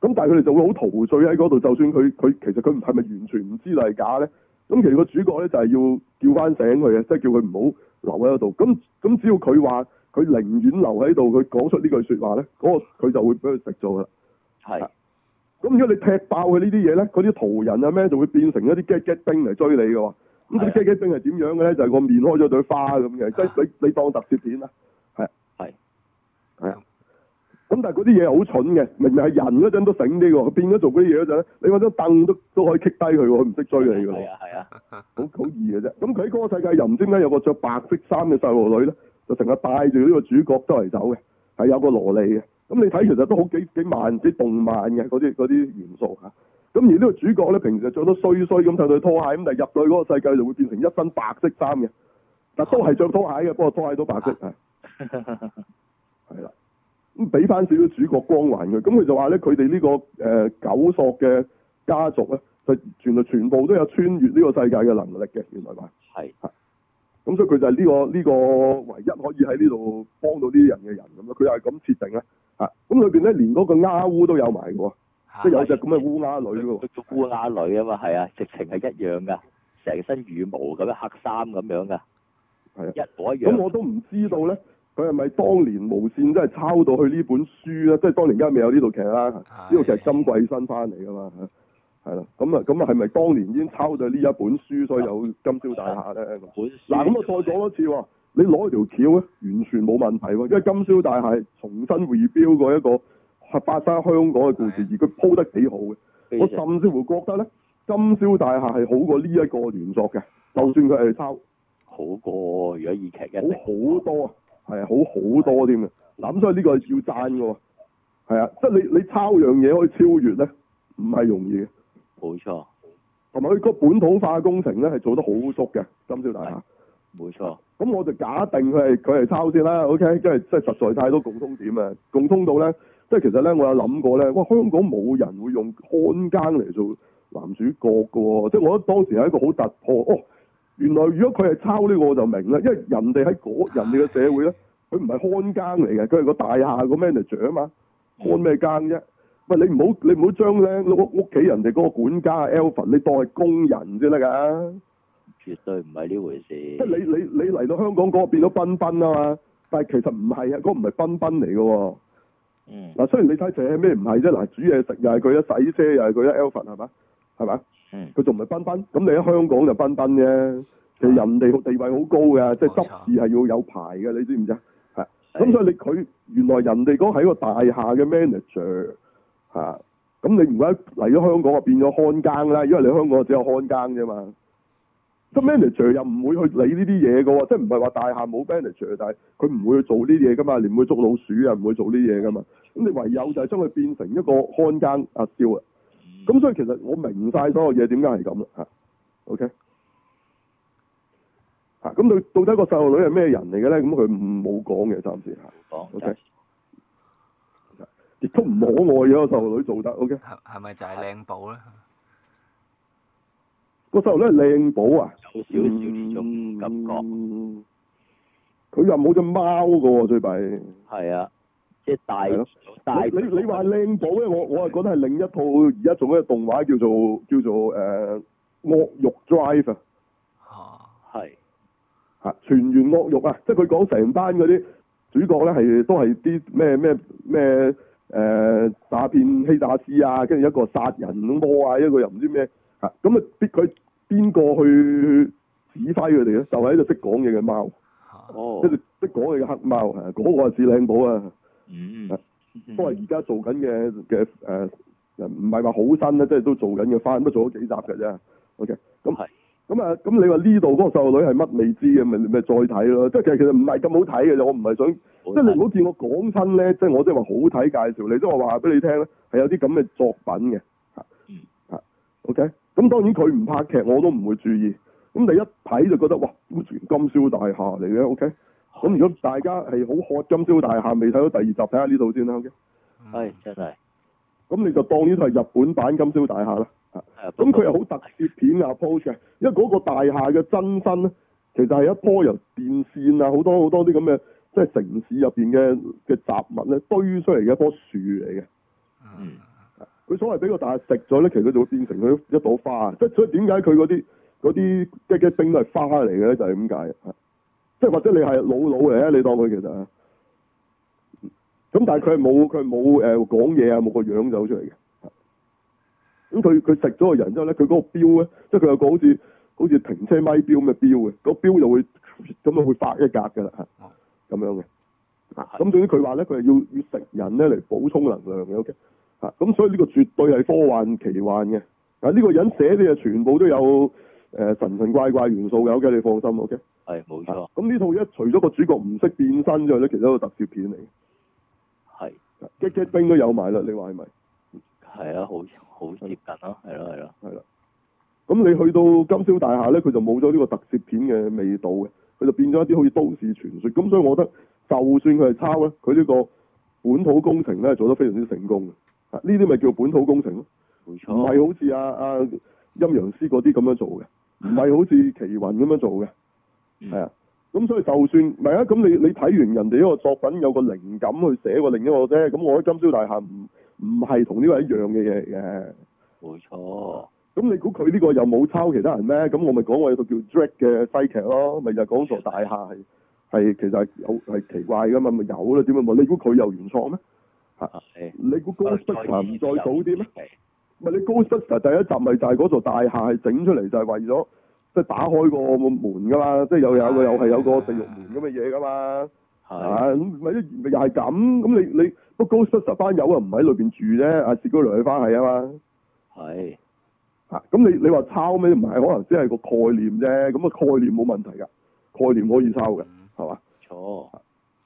咁但係佢哋就會好陶醉喺嗰度，就算佢佢其實佢唔係咪完全唔知係假咧？咁其實個主角咧就係要叫翻醒佢嘅，即係叫佢唔好留喺度。咁咁只要佢話佢寧願留喺度，佢講出呢句說話咧，嗰個佢就會俾佢食咗噶啦。係。咁、啊、如果你踢爆佢呢啲嘢咧，嗰啲途人啊咩，就會變成一啲 Gag Gag 兵嚟追你噶喎。咁嗰啲 Gag Gag 兵係點樣嘅咧？就係個面開咗對花咁嘅。即係你、啊、你當特攝片啊？係係係啊。咁但係嗰啲嘢好蠢嘅，明明係人嗰陣都醒啲嘅，變咗做嗰啲嘢嗰陣咧，你搵張凳都都可以棘低佢，佢唔識追你嘅。係啊係啊，好好易嘅啫。咁佢喺嗰個世界又唔知點解有個着白色衫嘅細路女咧，就成日帶住呢個主角周圍走嘅，係有個蘿莉嘅。咁你睇其實都好幾幾慢，啲動漫嘅嗰啲啲元素吓。咁、啊、而呢個主角咧平時着到衰衰咁，對對拖鞋咁，但係入到去嗰個世界就會變成一身白色衫嘅，但都係着拖鞋嘅，不過拖鞋都白色啊。係 啦。咁俾翻少少主角光環佢，咁佢就話咧，佢哋呢個誒、呃、九索嘅家族咧，就原來全部都有穿越呢個世界嘅能力嘅，原來係，係咁所以佢就係呢、呢個呢、呢個唯一可以喺呢度幫到呢啲人嘅人咁咯。佢又係咁設定咧嚇。咁裏邊咧，連嗰個鴨烏都有埋喎、啊，即係有隻咁嘅烏鴉女喎。叫烏鴉女啊嘛，係啊，直情係一樣噶，成身羽毛咁樣黑衫咁樣噶，係一模一樣。咁我都唔知道咧。佢係咪當年無線真係抄到佢呢本書咧？即係當年而家未有呢套劇啦，呢套劇係今季新翻嚟噶嘛？係啦，咁啊咁啊係咪當年已經抄到呢一本書，所以有金宵大廈咧？嗱咁啊，再講多次喎，你攞條橋咧，完全冇問題喎，因為金宵大廈重新 reboot 過一個發生喺香港嘅故事，哎、而佢鋪得幾好嘅。我甚至乎覺得咧，金宵大廈係好過呢一個連作嘅，就算佢係抄，好過如果二劇嘅。一定好多。係好好多添嘅。咁所以呢個係要讚嘅喎。係啊，即係你你抄樣嘢可以超越咧，唔係容易嘅。冇錯。同埋佢個本土化工程咧，係做得好足嘅，金宵大廈。冇錯。咁我就假定佢係佢係抄先啦，OK？即係即係實在太多共通點啊，共通到咧，即係其實咧我有諗過咧，喂，香港冇人會用漢奸嚟做男主角嘅喎，即係我覺得當時係一個好突破哦。.原來如果佢係抄呢個我就明啦，因為人哋喺嗰人哋嘅社會咧，佢唔係看更嚟嘅，佢係個大廈個 manager 啊嘛，看咩更啫？嗯、喂，你唔好你唔好將咧屋企人哋嗰個管家 elfin 你當係工人先得噶。絕對唔係呢回事。即係你你你嚟到香港嗰、那個、變咗賓賓啊嘛，但係其實唔係啊，嗰唔係賓賓嚟嘅。嗯。嗱，雖然你睇成咩唔係啫，嗱，煮嘢食又係佢一洗車又係佢一 elfin 係嘛，係、嗯、嘛？佢仲唔係賓賓？咁你喺香港就賓賓啫。其實人哋地位好高嘅，即、嗯、係、就是、執事係要有牌嘅、嗯，你知唔知啊？係、嗯。咁所以你佢原來人哋嗰係個大廈嘅 manager，嚇。咁你如果嚟咗香港啊，變咗看更啦，因為你香港就只有看更啫嘛。咁 manager 又唔會去理呢啲嘢嘅喎，即係唔係話大廈冇 manager，但係佢唔會去做呢啲嘢㗎嘛，你唔會捉老鼠啊，唔會做呢啲嘢㗎嘛。咁你唯有就係將佢變成一個看更阿肖。啊！咁所以其實我明晒所有嘢，點解係咁咯？嚇，OK。嚇，咁到到底個細路女係咩人嚟嘅咧？咁佢唔冇講嘅，暫時嚇。冇講。OK。亦都唔可愛嘅、個細路女做得，OK。係咪就係靚寶咧？個細路女係靚寶啊！有少少呢種感覺。佢又冇隻貓㗎喎，最弊。係啊。即係大咯，大你你話靚寶咧，我我係覺得係另一套而家做嘅動畫，叫做叫做誒、呃、惡欲 drive 啊。哦、啊，係嚇，全員惡欲啊！即係佢講成班嗰啲主角咧，係都係啲咩咩咩誒詐騙希達斯啊，跟住一個殺人魔啊，一個又唔知咩嚇咁啊，逼佢邊個去指揮佢哋咧？就係、是、一度識講嘢嘅貓哦，跟住識講嘢嘅黑貓，嗰、哦啊那個係似靚寶啊！嗯，嗯，都係而家做緊嘅嘅誒，唔係話好新咧，即係都做緊嘅翻，都做咗幾集嘅啫。OK，咁咁啊，咁你話呢度嗰個細路女係乜未知嘅？咪咪再睇咯。即係其實其實唔係咁好睇嘅，我唔係想，即係你唔好見我講親咧，即係我即係話好睇介紹你，即係話話俾你聽咧，係有啲咁嘅作品嘅。嗯。就是 OK？啊，OK，咁當然佢唔拍劇，我都唔會注意。咁第一睇就覺得哇，完全金宵大廈嚟嘅，OK。OK？咁如果大家係好渴《金宵大廈》，未睇到第二集，睇下呢度先啦，OK？係真係，咁你就當呢套係日本版《金宵大廈》啦。咁佢係好特攝片啊，pose 嘅，因為嗰個大廈嘅真身咧，其實係一樖由電線啊，好、mm -hmm. 多好多啲咁嘅，即、就、係、是、城市入邊嘅嘅雜物咧，堆出嚟嘅一棵樹嚟嘅。嗯，佢所謂俾個大廈食咗咧，其實佢就會變成佢一朵花。即係所以點解佢嗰啲啲即係冰都係花嚟嘅咧？就係咁解。即係或者你係老老嚟啊，你當佢其實咁，但係佢係冇佢係冇誒講嘢啊，冇個樣走出嚟嘅。咁佢佢食咗個人之後咧，佢嗰個錶咧，即係佢有個好似好似停車咪錶咁嘅錶嘅，嗰個錶就會咁樣會發一格嘅啦嚇，咁樣嘅。咁對於佢話咧，佢、嗯、係要要食人咧嚟補充能量嘅，OK？嚇、嗯、咁所以呢個絕對係科幻奇幻嘅。嗱、嗯，呢、呢個人寫啲啊全部都有誒神神怪怪元素嘅，OK？你放心，OK？係冇錯，咁呢、啊、套一除咗個主角唔識變身之外咧，其實一個特攝片嚟嘅。係。激激兵都有埋啦，你話係咪？係啊，好好接近咯、啊，係咯、啊，係咯、啊，係咯、啊。咁、啊啊、你去到金宵大廈咧，佢就冇咗呢個特攝片嘅味道嘅，佢就變咗一啲好似都市傳說。咁所以我覺得，就算佢係抄咧，佢呢個本土工程咧，做得非常之成功嘅。啊，呢啲咪叫本土工程咯？冇錯。唔係好似啊，阿陰陽師嗰啲咁樣做嘅，唔、嗯、係好似奇雲咁樣做嘅。係、嗯、啊，咁所以就算唔係啊，咁你你睇完人哋呢個作品有個靈感去寫過另一個啫，咁我喺金宵大廈唔唔係同呢個一樣嘅嘢嚟嘅，冇錯。咁、嗯、你估佢呢個又冇抄其他人咩？咁我咪講我有套叫《Drake》嘅西劇咯，咪就講、是、座大廈係係其實係有係奇怪噶嘛，咪有啦？點啊嘛？你估佢有原創咩？吓、啊，你估《Ghostbusters》再早啲咩？唔、嗯、係你《Ghostbusters》第一集咪就係嗰座大廈係整出嚟，就係為咗。即係打開個門㗎嘛，即係又有個又係有個地獄門咁嘅嘢㗎嘛，係咁咪又係咁，咁你你不過出十班友啊，唔喺裏邊住啫，阿薛姑娘佢翻係啊嘛，係啊咁你你話抄咩？唔係可能只係個概念啫，咁啊概念冇問題㗎，概念可以抄嘅，係、嗯、嘛？錯，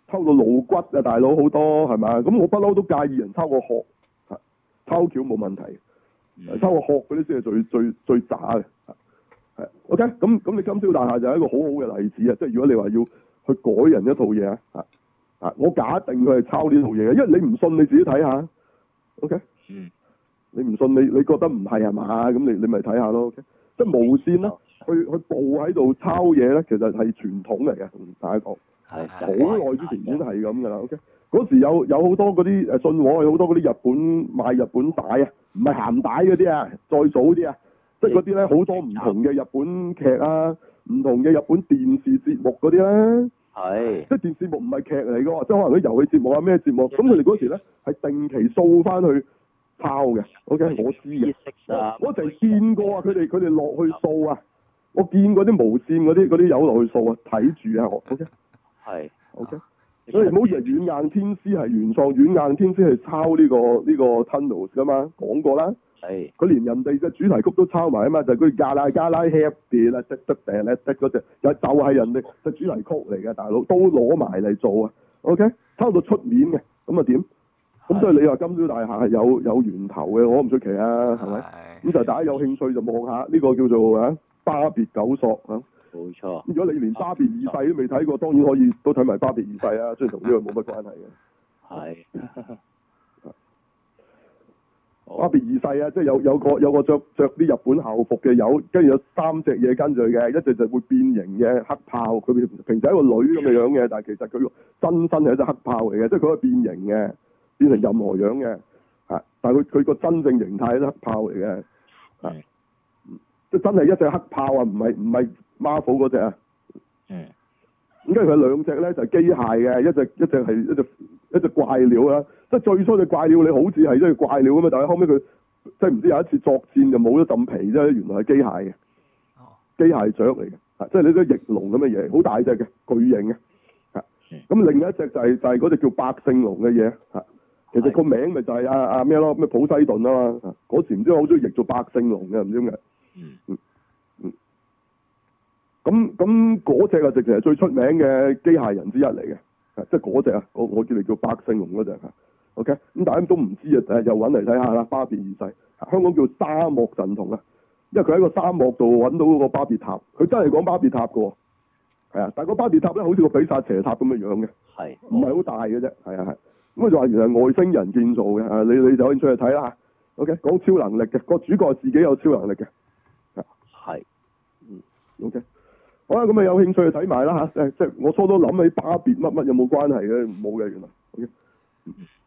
抄到老骨啊大佬好多係咪？咁我不嬲都介意人抄個殼，抄橋冇問題、嗯，抄個殼嗰啲先係最最最渣嘅。O K，咁咁你金宵大廈就係一個好好嘅例子啊！即係如果你話要去改人一套嘢啊，啊，我假定佢係抄呢套嘢啊，因為你唔信你自己睇下，O K，嗯，okay? 你唔信你你覺得唔係係嘛？咁你你咪睇下咯，O、okay? K，即係無線啦、啊，去去報喺度抄嘢咧，其實係傳統嚟嘅，同大家講，係好耐之前已經係咁㗎啦，O K，嗰時有有好多嗰啲信和，有好多嗰啲日本賣日本帶啊，唔係鹹帶嗰啲啊，再早啲啊。即係嗰啲咧，好多唔同嘅日本劇啊，唔同嘅日本電視節目嗰啲咧。係。即係電視節目唔係劇嚟嘅，即係可能啲遊戲節目啊、咩節目，咁佢哋嗰時咧係定期掃翻去抄嘅。O、OK? K，我知嘅、啊。我成日、啊、見過啊，佢哋佢哋落去掃啊，我見過啲無線嗰啲嗰啲有落去掃啊，睇住啊，我 O K。係、OK?O、OK? K。所以唔好以為軟硬天師係原創，軟硬天師係抄呢、呢個呢、呢個 Tunnels 㗎嘛，講過啦。係佢 連人哋嘅主題曲都抄埋啊嘛，就佢加拉加拉 heat 跌啊跌跌跌啊跌嗰隻，就就係人哋嘅主題曲嚟嘅，大佬都攞埋嚟做啊。OK，抄到出面嘅，咁啊點？咁、嗯、所以你話金宵大廈係有有源頭嘅，我唔出奇啊，係咪？咁就、嗯、大家有興趣就望下呢個叫做啊巴別九朔啊。冇錯。咁如果你連巴別二世都未睇過，當然可以都睇埋巴別二世啊， 雖然同呢個冇乜關係嘅。係。 巴別二世啊！即係有有個有個着着啲日本校服嘅友，跟住有三隻嘢跟住嘅，一隻就會變形嘅黑豹，佢平時一個女咁嘅樣嘅，但係其實佢個真身係一隻黑豹嚟嘅，即係佢可變形嘅，變成任何樣嘅，吓！但係佢佢個真正形態係黑豹嚟嘅，yeah. 即真係一隻黑豹啊，唔係唔係 Marvel 嗰隻啊。嗯，跟住佢兩隻咧就係機械嘅，一隻一隻係一隻。一隻怪鳥啊！即係最初隻怪鳥，一隻怪鳥你好似係真係怪鳥咁嘛，但係後尾佢即係唔知有一次作戰就冇咗浸皮啫，原來係機械嘅。機械雀嚟嘅，oh. 即係呢啲翼龍咁嘅嘢，好大隻嘅，巨型嘅。吓，咁另一隻就係、是、就係嗰隻叫百勝龍嘅嘢。吓、mm.，其實個名咪就係阿阿咩咯，咩普西頓啊嘛。嗰時唔知我好中意譯做百勝龍嘅，唔知點解、mm. 嗯。嗯咁咁嗰隻啊，直情係最出名嘅機械人之一嚟嘅。即係嗰隻啊，我我叫你叫百姓龍嗰隻嚇。OK，咁大家都唔知啊。誒，又揾嚟睇下啦。巴別二世，香港叫沙漠神童啊，因為佢喺個沙漠度揾到嗰個巴別塔。佢真係講巴別塔嘅，係啊。但係個巴別塔咧，好似個比薩斜塔咁樣樣嘅，係唔係好大嘅啫？係啊係。咁佢就話原來外星人建造嘅，你你就可以出去睇啦。OK，講超能力嘅個主角自己有超能力嘅，係嗯 OK。好啦，咁咪有興趣去睇埋啦吓。誒、啊，即係我初初諗起巴別乜乜有冇關係嘅，冇嘅原來。OK